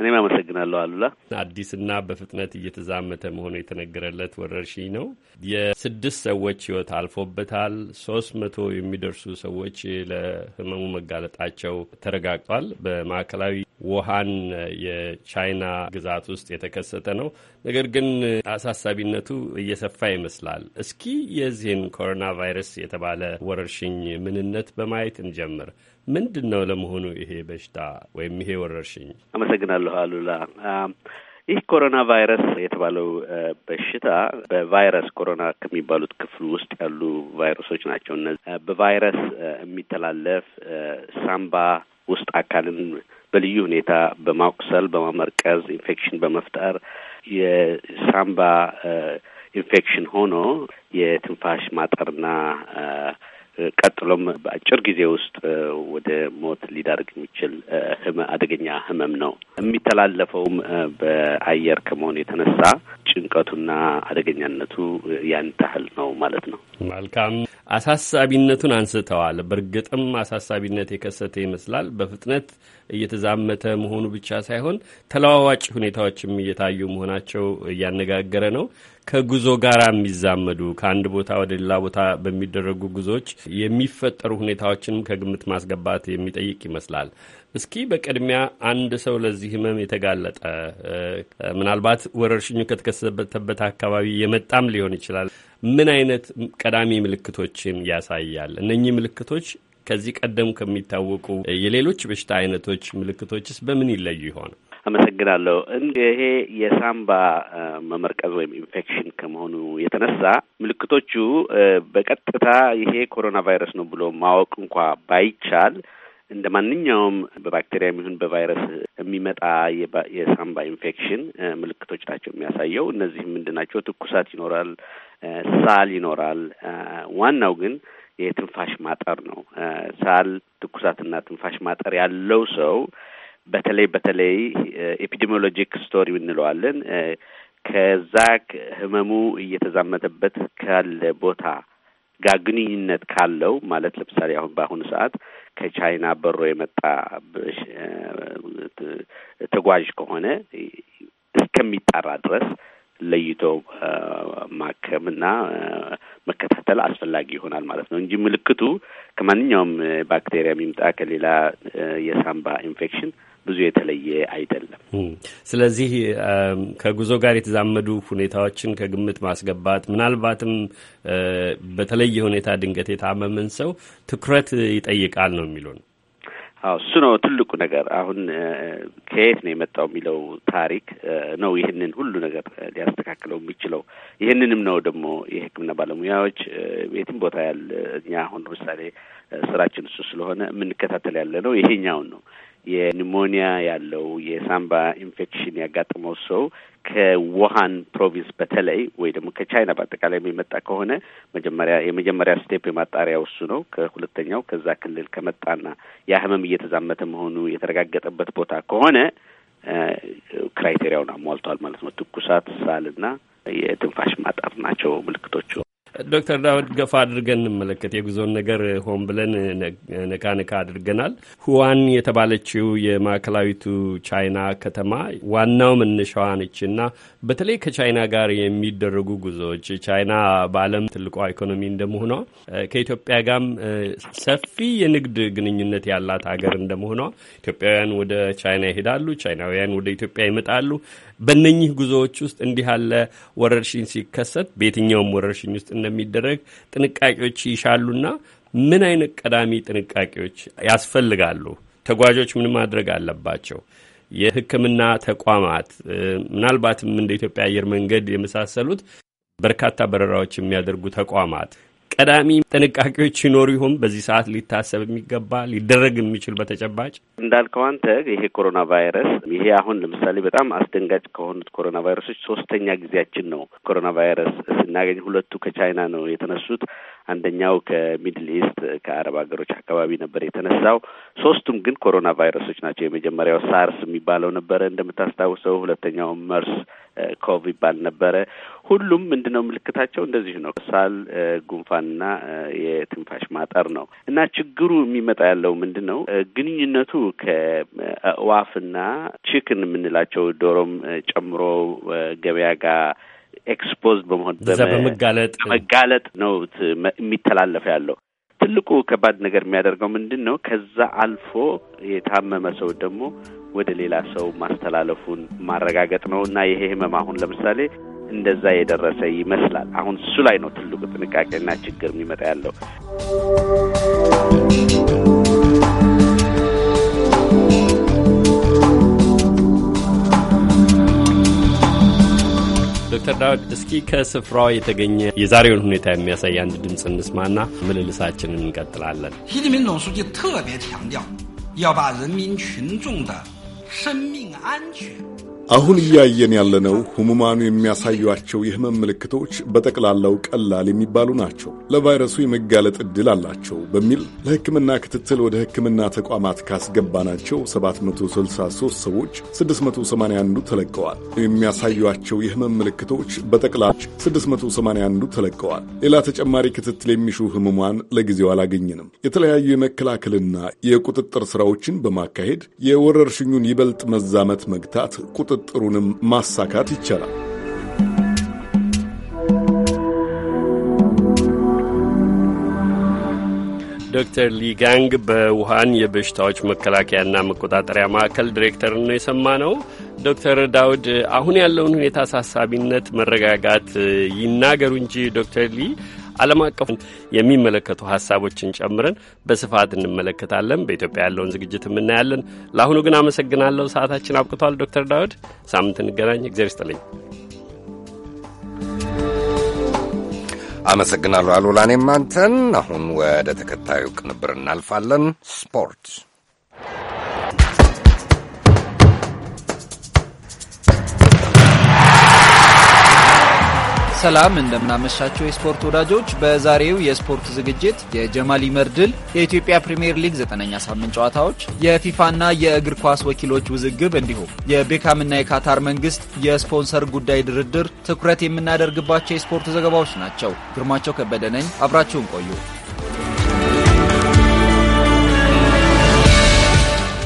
እኔም አመሰግናለሁ አሉላ። አዲስና በፍጥነት እየተዛመተ መሆኑ የተነገረለት ወረርሽኝ ነው። የስድስት ሰዎች ህይወት አልፎበታል። ሶስት መቶ የሚደርሱ ሰዎች ለህመሙ መጋለጣቸው ተረጋግጧል። በማዕከላዊ ውሃን የቻይና ግዛት ውስጥ የተከሰተ ነው። ነገር ግን አሳሳቢነቱ እየሰፋ ይመስላል። እስኪ የዚህን ኮሮና ቫይረስ የተባለ ወረርሽኝ ምንነት በማየት እንጀምር። ምንድን ነው ለመሆኑ ይሄ በሽታ ወይም ይሄ ወረርሽኝ? አመሰግናለሁ አሉላ። ይህ ኮሮና ቫይረስ የተባለው በሽታ በቫይረስ ኮሮና ከሚባሉት ክፍል ውስጥ ያሉ ቫይረሶች ናቸው። እነዚህ በቫይረስ የሚተላለፍ ሳምባ ውስጥ አካልን በልዩ ሁኔታ በማቁሰል በማመርቀዝ ኢንፌክሽን በመፍጠር የሳምባ ኢንፌክሽን ሆኖ የትንፋሽ ማጠርና ቀጥሎም በአጭር ጊዜ ውስጥ ወደ ሞት ሊዳርግ የሚችል አደገኛ ህመም ነው። የሚተላለፈውም በአየር ከመሆኑ የተነሳ ጭንቀቱና አደገኛነቱ ያን ታህል ነው ማለት ነው። መልካም አሳሳቢነቱን አንስተዋል። በእርግጥም አሳሳቢነት የከሰተ ይመስላል። በፍጥነት እየተዛመተ መሆኑ ብቻ ሳይሆን ተለዋዋጭ ሁኔታዎችም እየታዩ መሆናቸው እያነጋገረ ነው። ከጉዞ ጋር የሚዛመዱ ከአንድ ቦታ ወደ ሌላ ቦታ በሚደረጉ ጉዞዎች የሚፈጠሩ ሁኔታዎችንም ከግምት ማስገባት የሚጠይቅ ይመስላል። እስኪ በቅድሚያ አንድ ሰው ለዚህ ህመም የተጋለጠ ምናልባት ወረርሽኙ ከተከሰተበት አካባቢ የመጣም ሊሆን ይችላል ምን አይነት ቀዳሚ ምልክቶችን ያሳያል? እነኚህ ምልክቶች ከዚህ ቀደም ከሚታወቁ የሌሎች በሽታ አይነቶች ምልክቶችስ በምን ይለዩ ይሆን? አመሰግናለሁ። ይሄ የሳምባ መመርቀዝ ወይም ኢንፌክሽን ከመሆኑ የተነሳ ምልክቶቹ በቀጥታ ይሄ ኮሮና ቫይረስ ነው ብሎ ማወቅ እንኳ ባይቻል እንደ ማንኛውም በባክቴሪያም ይሁን በቫይረስ የሚመጣ የሳምባ ኢንፌክሽን ምልክቶች ናቸው የሚያሳየው። እነዚህም ምንድን ናቸው? ትኩሳት ይኖራል፣ ሳል ይኖራል። ዋናው ግን የትንፋሽ ማጠር ነው። ሳል፣ ትኩሳትና ትንፋሽ ማጠር ያለው ሰው በተለይ በተለይ ኤፒዲሚዮሎጂክ ስቶሪ እንለዋለን ከዛ ህመሙ እየተዛመተበት ካለ ቦታ ጋር ግንኙነት ካለው ማለት ለምሳሌ አሁን በአሁኑ ሰዓት ከቻይና በሮ የመጣ ተጓዥ ከሆነ እስከሚጣራ ድረስ ለይቶ እና መከታተል አስፈላጊ ይሆናል ማለት ነው እንጂ ምልክቱ ከማንኛውም ባክቴሪያ የሚምጣ ከሌላ የሳምባ ኢንፌክሽን ብዙ የተለየ አይደለም። ስለዚህ ከጉዞ ጋር የተዛመዱ ሁኔታዎችን ከግምት ማስገባት ምናልባትም በተለየ ሁኔታ ድንገት የታመመን ሰው ትኩረት ይጠይቃል ነው የሚሉን። አዎ እሱ ነው ትልቁ ነገር። አሁን ከየት ነው የመጣው የሚለው ታሪክ ነው ይህንን ሁሉ ነገር ሊያስተካክለው የሚችለው። ይህንንም ነው ደግሞ የሕክምና ባለሙያዎች የትም ቦታ ያለ እኛ አሁን ለምሳሌ ስራችን እሱ ስለሆነ የምንከታተል ያለ ነው ይሄኛውን ነው የኒሞኒያ ያለው የሳምባ ኢንፌክሽን ያጋጠመው ሰው ከውሃን ፕሮቪንስ በተለይ ወይ ደግሞ ከቻይና በአጠቃላይ የሚመጣ ከሆነ መጀመሪያ የመጀመሪያ ስቴፕ የማጣሪያ እሱ ነው። ከሁለተኛው ከዛ ክልል ከመጣና ያ ህመም እየተዛመተ መሆኑ የተረጋገጠበት ቦታ ከሆነ ክራይቴሪያውን አሟልቷል ማለት ነው። ትኩሳት፣ ሳልና የትንፋሽ ማጣት ናቸው ምልክቶቹ። ዶክተር ዳዊት ገፋ አድርገን እንመለከት። የጉዞን ነገር ሆን ብለን ነካ ነካ አድርገናል። ሁዋን የተባለችው የማዕከላዊቱ ቻይና ከተማ ዋናው መነሻዋ ነችና በተለይ ከቻይና ጋር የሚደረጉ ጉዞዎች ቻይና በዓለም ትልቋ ኢኮኖሚ እንደመሆኗ ከኢትዮጵያ ጋርም ሰፊ የንግድ ግንኙነት ያላት ሀገር እንደመሆኗ ኢትዮጵያውያን ወደ ቻይና ይሄዳሉ፣ ቻይናውያን ወደ ኢትዮጵያ ይመጣሉ። በእነኚህ ጉዞዎች ውስጥ እንዲህ ያለ ወረርሽኝ ሲከሰት በየትኛውም ወረርሽኝ ውስጥ እንደሚደረግ ጥንቃቄዎች ይሻሉና ምን አይነት ቀዳሚ ጥንቃቄዎች ያስፈልጋሉ? ተጓዦች ምን ማድረግ አለባቸው? የሕክምና ተቋማት ምናልባትም እንደ ኢትዮጵያ አየር መንገድ የመሳሰሉት በርካታ በረራዎች የሚያደርጉ ተቋማት ቀዳሚ ጥንቃቄዎች ይኖሩ ይሆን? በዚህ ሰዓት ሊታሰብ የሚገባ ሊደረግ የሚችል በተጨባጭ እንዳልከው አንተ ይሄ ኮሮና ቫይረስ ይሄ አሁን ለምሳሌ በጣም አስደንጋጭ ከሆኑት ኮሮና ቫይረሶች ሶስተኛ ጊዜያችን ነው። ኮሮና ቫይረስ ስናገኝ ሁለቱ ከቻይና ነው የተነሱት። አንደኛው ከሚድል ኢስት ከአረብ ሀገሮች አካባቢ ነበር የተነሳው። ሶስቱም ግን ኮሮና ቫይረሶች ናቸው። የመጀመሪያው ሳርስ የሚባለው ነበረ እንደምታስታውሰው፣ ሁለተኛው መርስ ኮቭ ይባል ነበረ። ሁሉም ምንድን ነው ምልክታቸው እንደዚህ ነው፣ ሳል፣ ጉንፋንና የትንፋሽ ማጠር ነው እና ችግሩ የሚመጣ ያለው ምንድን ነው ግንኙነቱ ከእዋፍና ችክን የምንላቸው ዶሮም ጨምሮ ገበያ ጋር ኤክስፖዝድ በመሆን በመጋለጥ በመጋለጥ ነው የሚተላለፈ ያለው። ትልቁ ከባድ ነገር የሚያደርገው ምንድን ነው? ከዛ አልፎ የታመመ ሰው ደግሞ ወደ ሌላ ሰው ማስተላለፉን ማረጋገጥ ነው እና ይሄ ህመም አሁን ለምሳሌ እንደዛ የደረሰ ይመስላል። አሁን እሱ ላይ ነው ትልቁ ጥንቃቄና ችግር የሚመጣ ያለው። 习近平总书记特别强调，要把人民群众的生命安全。አሁን እያየን ያለነው ህሙማኑ የሚያሳዩቸው የህመም ምልክቶች በጠቅላላው ቀላል የሚባሉ ናቸው፣ ለቫይረሱ የመጋለጥ ዕድል አላቸው በሚል ለሕክምና ክትትል ወደ ሕክምና ተቋማት ካስገባናቸው 763 ሰዎች 681ዱ ተለቀዋል። የሚያሳዩቸው የህመም ምልክቶች በጠቅላላ 681ዱ ተለቀዋል። ሌላ ተጨማሪ ክትትል የሚሹ ህሙማን ለጊዜው አላገኘንም። የተለያዩ የመከላከልና የቁጥጥር ሥራዎችን በማካሄድ የወረርሽኙን ይበልጥ መዛመት መግታት ቁጥ ቁጥጥሩንም ማሳካት ይቻላል። ዶክተር ሊጋንግ በውሃን የበሽታዎች መከላከያና መቆጣጠሪያ ማዕከል ዲሬክተር ነው የሰማ ነው። ዶክተር ዳውድ አሁን ያለውን ሁኔታ አሳሳቢነት መረጋጋት ይናገሩ እንጂ ዶክተር ሊ ዓለም አቀፉ የሚመለከቱ ሀሳቦችን ጨምረን በስፋት እንመለከታለን። በኢትዮጵያ ያለውን ዝግጅት የምናያለን። ለአሁኑ ግን አመሰግናለሁ። ሰዓታችን አብቅቷል። ዶክተር ዳዊድ ሳምንት እንገናኝ። እግዚአብሔር ይስጥልኝ። አመሰግናለሁ አሉላ። እኔም አንተን። አሁን ወደ ተከታዩ ቅንብር እናልፋለን። ስፖርት ሰላም እንደምናመሻቸው የስፖርት ወዳጆች። በዛሬው የስፖርት ዝግጅት የጀማሊ መርድል የኢትዮጵያ ፕሪምየር ሊግ ዘጠነኛ ሳምንት ጨዋታዎች፣ የፊፋና የእግር ኳስ ወኪሎች ውዝግብ እንዲሁም የቤካምና የካታር መንግስት የስፖንሰር ጉዳይ ድርድር ትኩረት የምናደርግባቸው የስፖርት ዘገባዎች ናቸው። ግርማቸው ከበደ ነኝ። አብራችሁን ቆዩ።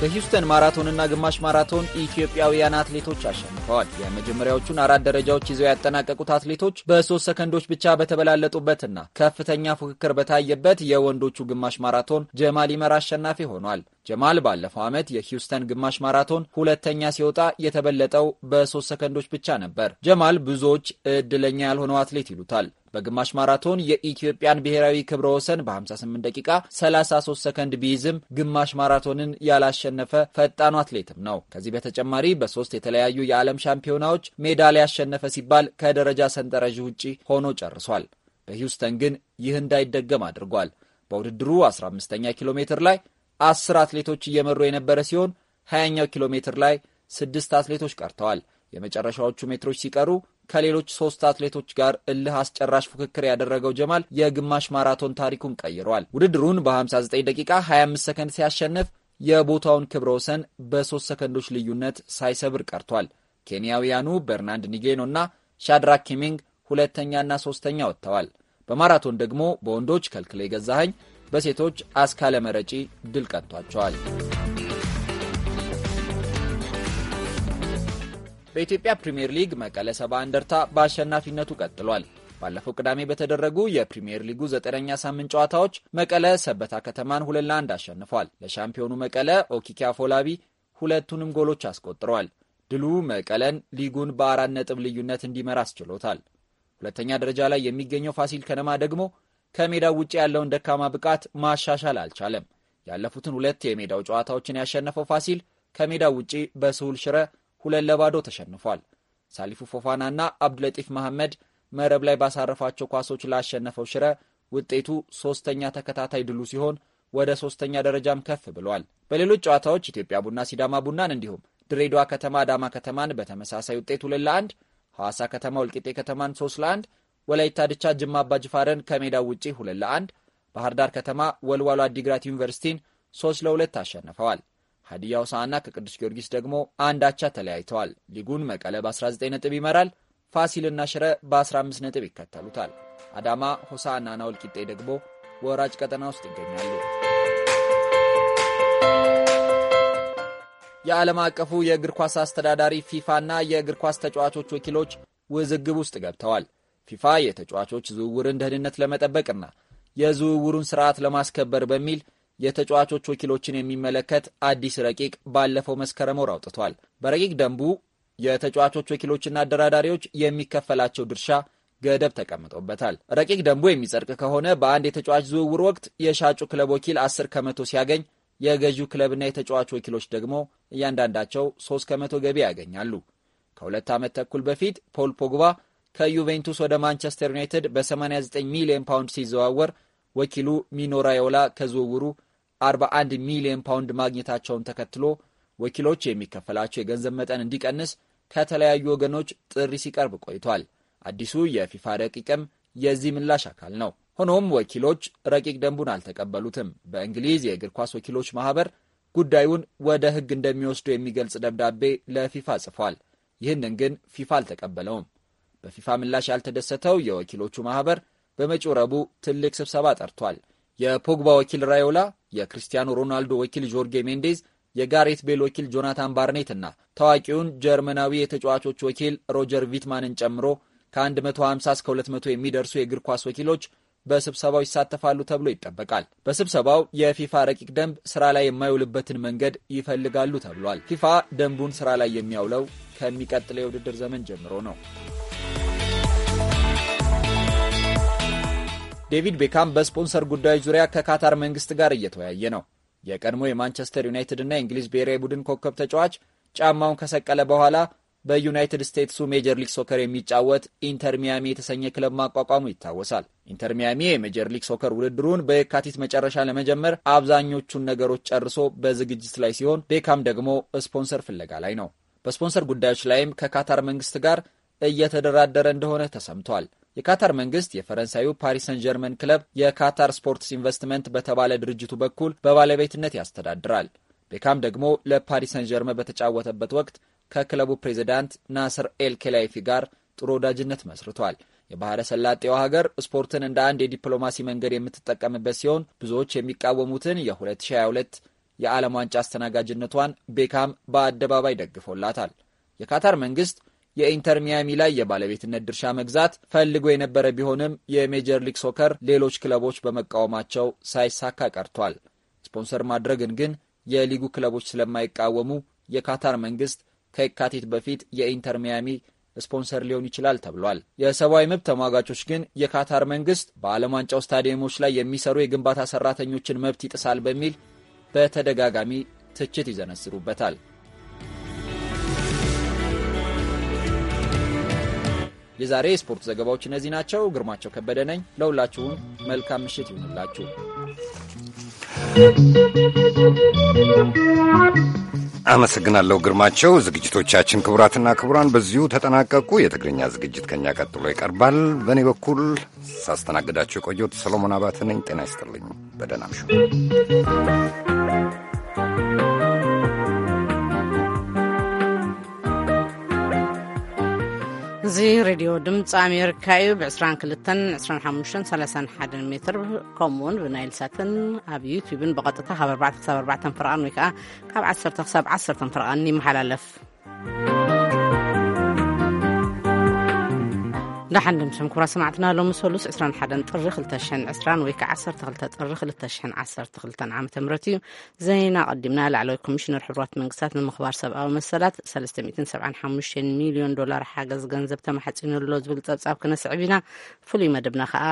በሂውስተን ማራቶንና ግማሽ ማራቶን ኢትዮጵያውያን አትሌቶች አሸንፈዋል። የመጀመሪያዎቹን አራት ደረጃዎች ይዘው ያጠናቀቁት አትሌቶች በሶስት ሰከንዶች ብቻ በተበላለጡበትና ከፍተኛ ፉክክር በታየበት የወንዶቹ ግማሽ ማራቶን ጀማል ይመር አሸናፊ ሆኗል። ጀማል ባለፈው ዓመት የሂውስተን ግማሽ ማራቶን ሁለተኛ ሲወጣ የተበለጠው በሶስት ሰከንዶች ብቻ ነበር። ጀማል ብዙዎች እድለኛ ያልሆነው አትሌት ይሉታል። በግማሽ ማራቶን የኢትዮጵያን ብሔራዊ ክብረ ወሰን በ58 ደቂቃ 33 ሰከንድ ቢይዝም ግማሽ ማራቶንን ያላሸነፈ ፈጣኑ አትሌትም ነው። ከዚህ በተጨማሪ በሶስት የተለያዩ የዓለም ሻምፒዮናዎች ሜዳሊያ ያሸነፈ ሲባል ከደረጃ ሰንጠረዥ ውጪ ሆኖ ጨርሷል። በሂውስተን ግን ይህ እንዳይደገም አድርጓል። በውድድሩ 15ኛ ኪሎ ሜትር ላይ 10 አትሌቶች እየመሩ የነበረ ሲሆን 20ኛው ኪሎ ሜትር ላይ ስድስት አትሌቶች ቀርተዋል። የመጨረሻዎቹ ሜትሮች ሲቀሩ ከሌሎች ሶስት አትሌቶች ጋር እልህ አስጨራሽ ፉክክር ያደረገው ጀማል የግማሽ ማራቶን ታሪኩን ቀይሯል። ውድድሩን በ59 ደቂቃ 25 ሰከንድ ሲያሸንፍ የቦታውን ክብረ ወሰን በሶስት ሰከንዶች ልዩነት ሳይሰብር ቀርቷል። ኬንያውያኑ በርናንድ ኒጌኖ እና ሻድራክ ኪሚንግ ሁለተኛና ሶስተኛ ወጥተዋል። በማራቶን ደግሞ በወንዶች ከልክሌ ገዛኸኝ፣ በሴቶች አስካለ መረጪ ድል ቀጥቷቸዋል። በኢትዮጵያ ፕሪምየር ሊግ መቀለ ሰባ እንደርታ በአሸናፊነቱ ቀጥሏል። ባለፈው ቅዳሜ በተደረጉ የፕሪምየር ሊጉ ዘጠነኛ ሳምንት ጨዋታዎች መቀለ ሰበታ ከተማን ሁለት ለአንድ አሸንፏል። ለሻምፒዮኑ መቀለ ኦኪኪ አፎላቢ ሁለቱንም ጎሎች አስቆጥረዋል። ድሉ መቀለን ሊጉን በአራት ነጥብ ልዩነት እንዲመራ አስችሎታል። ሁለተኛ ደረጃ ላይ የሚገኘው ፋሲል ከነማ ደግሞ ከሜዳው ውጭ ያለውን ደካማ ብቃት ማሻሻል አልቻለም። ያለፉትን ሁለት የሜዳው ጨዋታዎችን ያሸነፈው ፋሲል ከሜዳው ውጪ በስሁል ሽረ ሁለት ለባዶ ተሸንፏል። ሳሊፉ ፎፋናና አብዱለጢፍ መሐመድ መረብ ላይ ባሳረፏቸው ኳሶች ላሸነፈው ሽረ ውጤቱ ሶስተኛ ተከታታይ ድሉ ሲሆን ወደ ሶስተኛ ደረጃም ከፍ ብሏል። በሌሎች ጨዋታዎች ኢትዮጵያ ቡና ሲዳማ ቡናን እንዲሁም ድሬዳዋ ከተማ አዳማ ከተማን በተመሳሳይ ውጤት ሁለት ለአንድ፣ ሐዋሳ ከተማ ወልቂጤ ከተማን ሶስት ለአንድ፣ ወላይታ ድቻ ጅማ አባጅፋረን ከሜዳው ውጪ ሁለት ለአንድ፣ ባህር ዳር ከተማ ወልዋሎ አዲግራት ዩኒቨርሲቲን ሶስት ለሁለት አሸንፈዋል። ሀዲያ ሆሳዕና ከቅዱስ ጊዮርጊስ ደግሞ አንድ አቻ ተለያይተዋል። ሊጉን መቀለ በ19 ነጥብ ይመራል። ፋሲልና ሽረ በ15 ነጥብ ይከተሉታል። አዳማ፣ ሆሳዕናና ወልቂጤ ደግሞ ወራጅ ቀጠና ውስጥ ይገኛሉ። የዓለም አቀፉ የእግር ኳስ አስተዳዳሪ ፊፋና የእግር ኳስ ተጫዋቾች ወኪሎች ውዝግብ ውስጥ ገብተዋል። ፊፋ የተጫዋቾች ዝውውርን ደህንነት ለመጠበቅና የዝውውሩን ስርዓት ለማስከበር በሚል የተጫዋቾች ወኪሎችን የሚመለከት አዲስ ረቂቅ ባለፈው መስከረም ወር አውጥቷል። በረቂቅ ደንቡ የተጫዋቾች ወኪሎችና አደራዳሪዎች የሚከፈላቸው ድርሻ ገደብ ተቀምጦበታል። ረቂቅ ደንቡ የሚጸድቅ ከሆነ በአንድ የተጫዋች ዝውውር ወቅት የሻጩ ክለብ ወኪል 10 ከመቶ ሲያገኝ የገዢው ክለብና የተጫዋች ወኪሎች ደግሞ እያንዳንዳቸው 3 ከመቶ ገቢ ያገኛሉ። ከሁለት ዓመት ተኩል በፊት ፖል ፖግባ ከዩቬንቱስ ወደ ማንቸስተር ዩናይትድ በ89 ሚሊዮን ፓውንድ ሲዘዋወር ወኪሉ ሚኖ ራዮላ ከዝውውሩ 41 ሚሊዮን ፓውንድ ማግኘታቸውን ተከትሎ ወኪሎች የሚከፈላቸው የገንዘብ መጠን እንዲቀንስ ከተለያዩ ወገኖች ጥሪ ሲቀርብ ቆይቷል። አዲሱ የፊፋ ረቂቅም የዚህ ምላሽ አካል ነው። ሆኖም ወኪሎች ረቂቅ ደንቡን አልተቀበሉትም። በእንግሊዝ የእግር ኳስ ወኪሎች ማህበር ጉዳዩን ወደ ሕግ እንደሚወስዱ የሚገልጽ ደብዳቤ ለፊፋ ጽፏል። ይህንን ግን ፊፋ አልተቀበለውም። በፊፋ ምላሽ ያልተደሰተው የወኪሎቹ ማህበር በመጪው ረቡዕ ትልቅ ስብሰባ ጠርቷል። የፖግባ ወኪል ራዮላ፣ የክሪስቲያኖ ሮናልዶ ወኪል ጆርጌ ሜንዴዝ፣ የጋሬት ቤል ወኪል ጆናታን ባርኔት እና ታዋቂውን ጀርመናዊ የተጫዋቾች ወኪል ሮጀር ቪትማንን ጨምሮ ከ150 እስከ 200 የሚደርሱ የእግር ኳስ ወኪሎች በስብሰባው ይሳተፋሉ ተብሎ ይጠበቃል። በስብሰባው የፊፋ ረቂቅ ደንብ ስራ ላይ የማይውልበትን መንገድ ይፈልጋሉ ተብሏል። ፊፋ ደንቡን ስራ ላይ የሚያውለው ከሚቀጥለው የውድድር ዘመን ጀምሮ ነው። ዴቪድ ቤካም በስፖንሰር ጉዳዮች ዙሪያ ከካታር መንግስት ጋር እየተወያየ ነው። የቀድሞ የማንቸስተር ዩናይትድ እና የእንግሊዝ ብሔራዊ ቡድን ኮከብ ተጫዋች ጫማውን ከሰቀለ በኋላ በዩናይትድ ስቴትሱ ሜጀር ሊግ ሶከር የሚጫወት ኢንተር ሚያሚ የተሰኘ ክለብ ማቋቋሙ ይታወሳል። ኢንተር ሚያሚ የሜጀር ሊግ ሶከር ውድድሩን በየካቲት መጨረሻ ለመጀመር አብዛኞቹን ነገሮች ጨርሶ በዝግጅት ላይ ሲሆን፣ ቤካም ደግሞ ስፖንሰር ፍለጋ ላይ ነው። በስፖንሰር ጉዳዮች ላይም ከካታር መንግስት ጋር እየተደራደረ እንደሆነ ተሰምቷል። የካታር መንግስት የፈረንሳዩ ፓሪሰን ጀርመን ክለብ የካታር ስፖርትስ ኢንቨስትመንት በተባለ ድርጅቱ በኩል በባለቤትነት ያስተዳድራል። ቤካም ደግሞ ለፓሪሰን ጀርመን በተጫወተበት ወቅት ከክለቡ ፕሬዚዳንት ናስር ኤል ኬላይፊ ጋር ጥሩ ወዳጅነት መስርቷል። የባህረ ሰላጤው ሀገር ስፖርትን እንደ አንድ የዲፕሎማሲ መንገድ የምትጠቀምበት ሲሆን ብዙዎች የሚቃወሙትን የ2022 የዓለም ዋንጫ አስተናጋጅነቷን ቤካም በአደባባይ ደግፎላታል። የካታር መንግስት የኢንተር ሚያሚ ላይ የባለቤትነት ድርሻ መግዛት ፈልጎ የነበረ ቢሆንም የሜጀር ሊግ ሶከር ሌሎች ክለቦች በመቃወማቸው ሳይሳካ ቀርቷል። ስፖንሰር ማድረግን ግን የሊጉ ክለቦች ስለማይቃወሙ የካታር መንግስት ከየካቲት በፊት የኢንተር ሚያሚ ስፖንሰር ሊሆን ይችላል ተብሏል። የሰብአዊ መብት ተሟጋቾች ግን የካታር መንግስት በዓለም ዋንጫው ስታዲየሞች ላይ የሚሰሩ የግንባታ ሰራተኞችን መብት ይጥሳል በሚል በተደጋጋሚ ትችት ይዘነዝሩበታል። የዛሬ የስፖርት ዘገባዎች እነዚህ ናቸው። ግርማቸው ከበደ ነኝ። ለሁላችሁም መልካም ምሽት ይሁንላችሁ። አመሰግናለሁ ግርማቸው። ዝግጅቶቻችን ክቡራትና ክቡራን በዚሁ ተጠናቀቁ። የትግርኛ ዝግጅት ከኛ ቀጥሎ ይቀርባል። በእኔ በኩል ሳስተናግዳችሁ የቆየሁት ሰሎሞን አባተ ነኝ። ጤና ይስጥልኝ። በደህና እዚ ሬድዮ ድምፂ ኣሜሪካ እዩ ብ22 25 31 ሜትር ከምኡውን ብናይል ኣብ ዩቲብን ብቐጥታ ካብ 4 ሳ 4 ፍርቓን ወይ ከዓ ካብ 1 ሳብ 1 ፍርቓን ይመሓላለፍ ንሓንድምሰምኩራ ሰማዕትና ሎሚ ሰሉስ 21 ጥሪ 220 ወይ ከዓ 12 ጥሪ 212 ዓ ም እዩ ዜና ቀዲምና ላዕለዊ ኮሚሽነር ሕቡራት መንግስታት ንምኽባር ሰብኣዊ መሰላት 375 ሚልዮን ዶላር ሓገዝ ገንዘብ ተማሓፂኑሎ ዝብል ፀብጻብ ክነስዕብ ኢና ፍሉይ መደብና ከዓ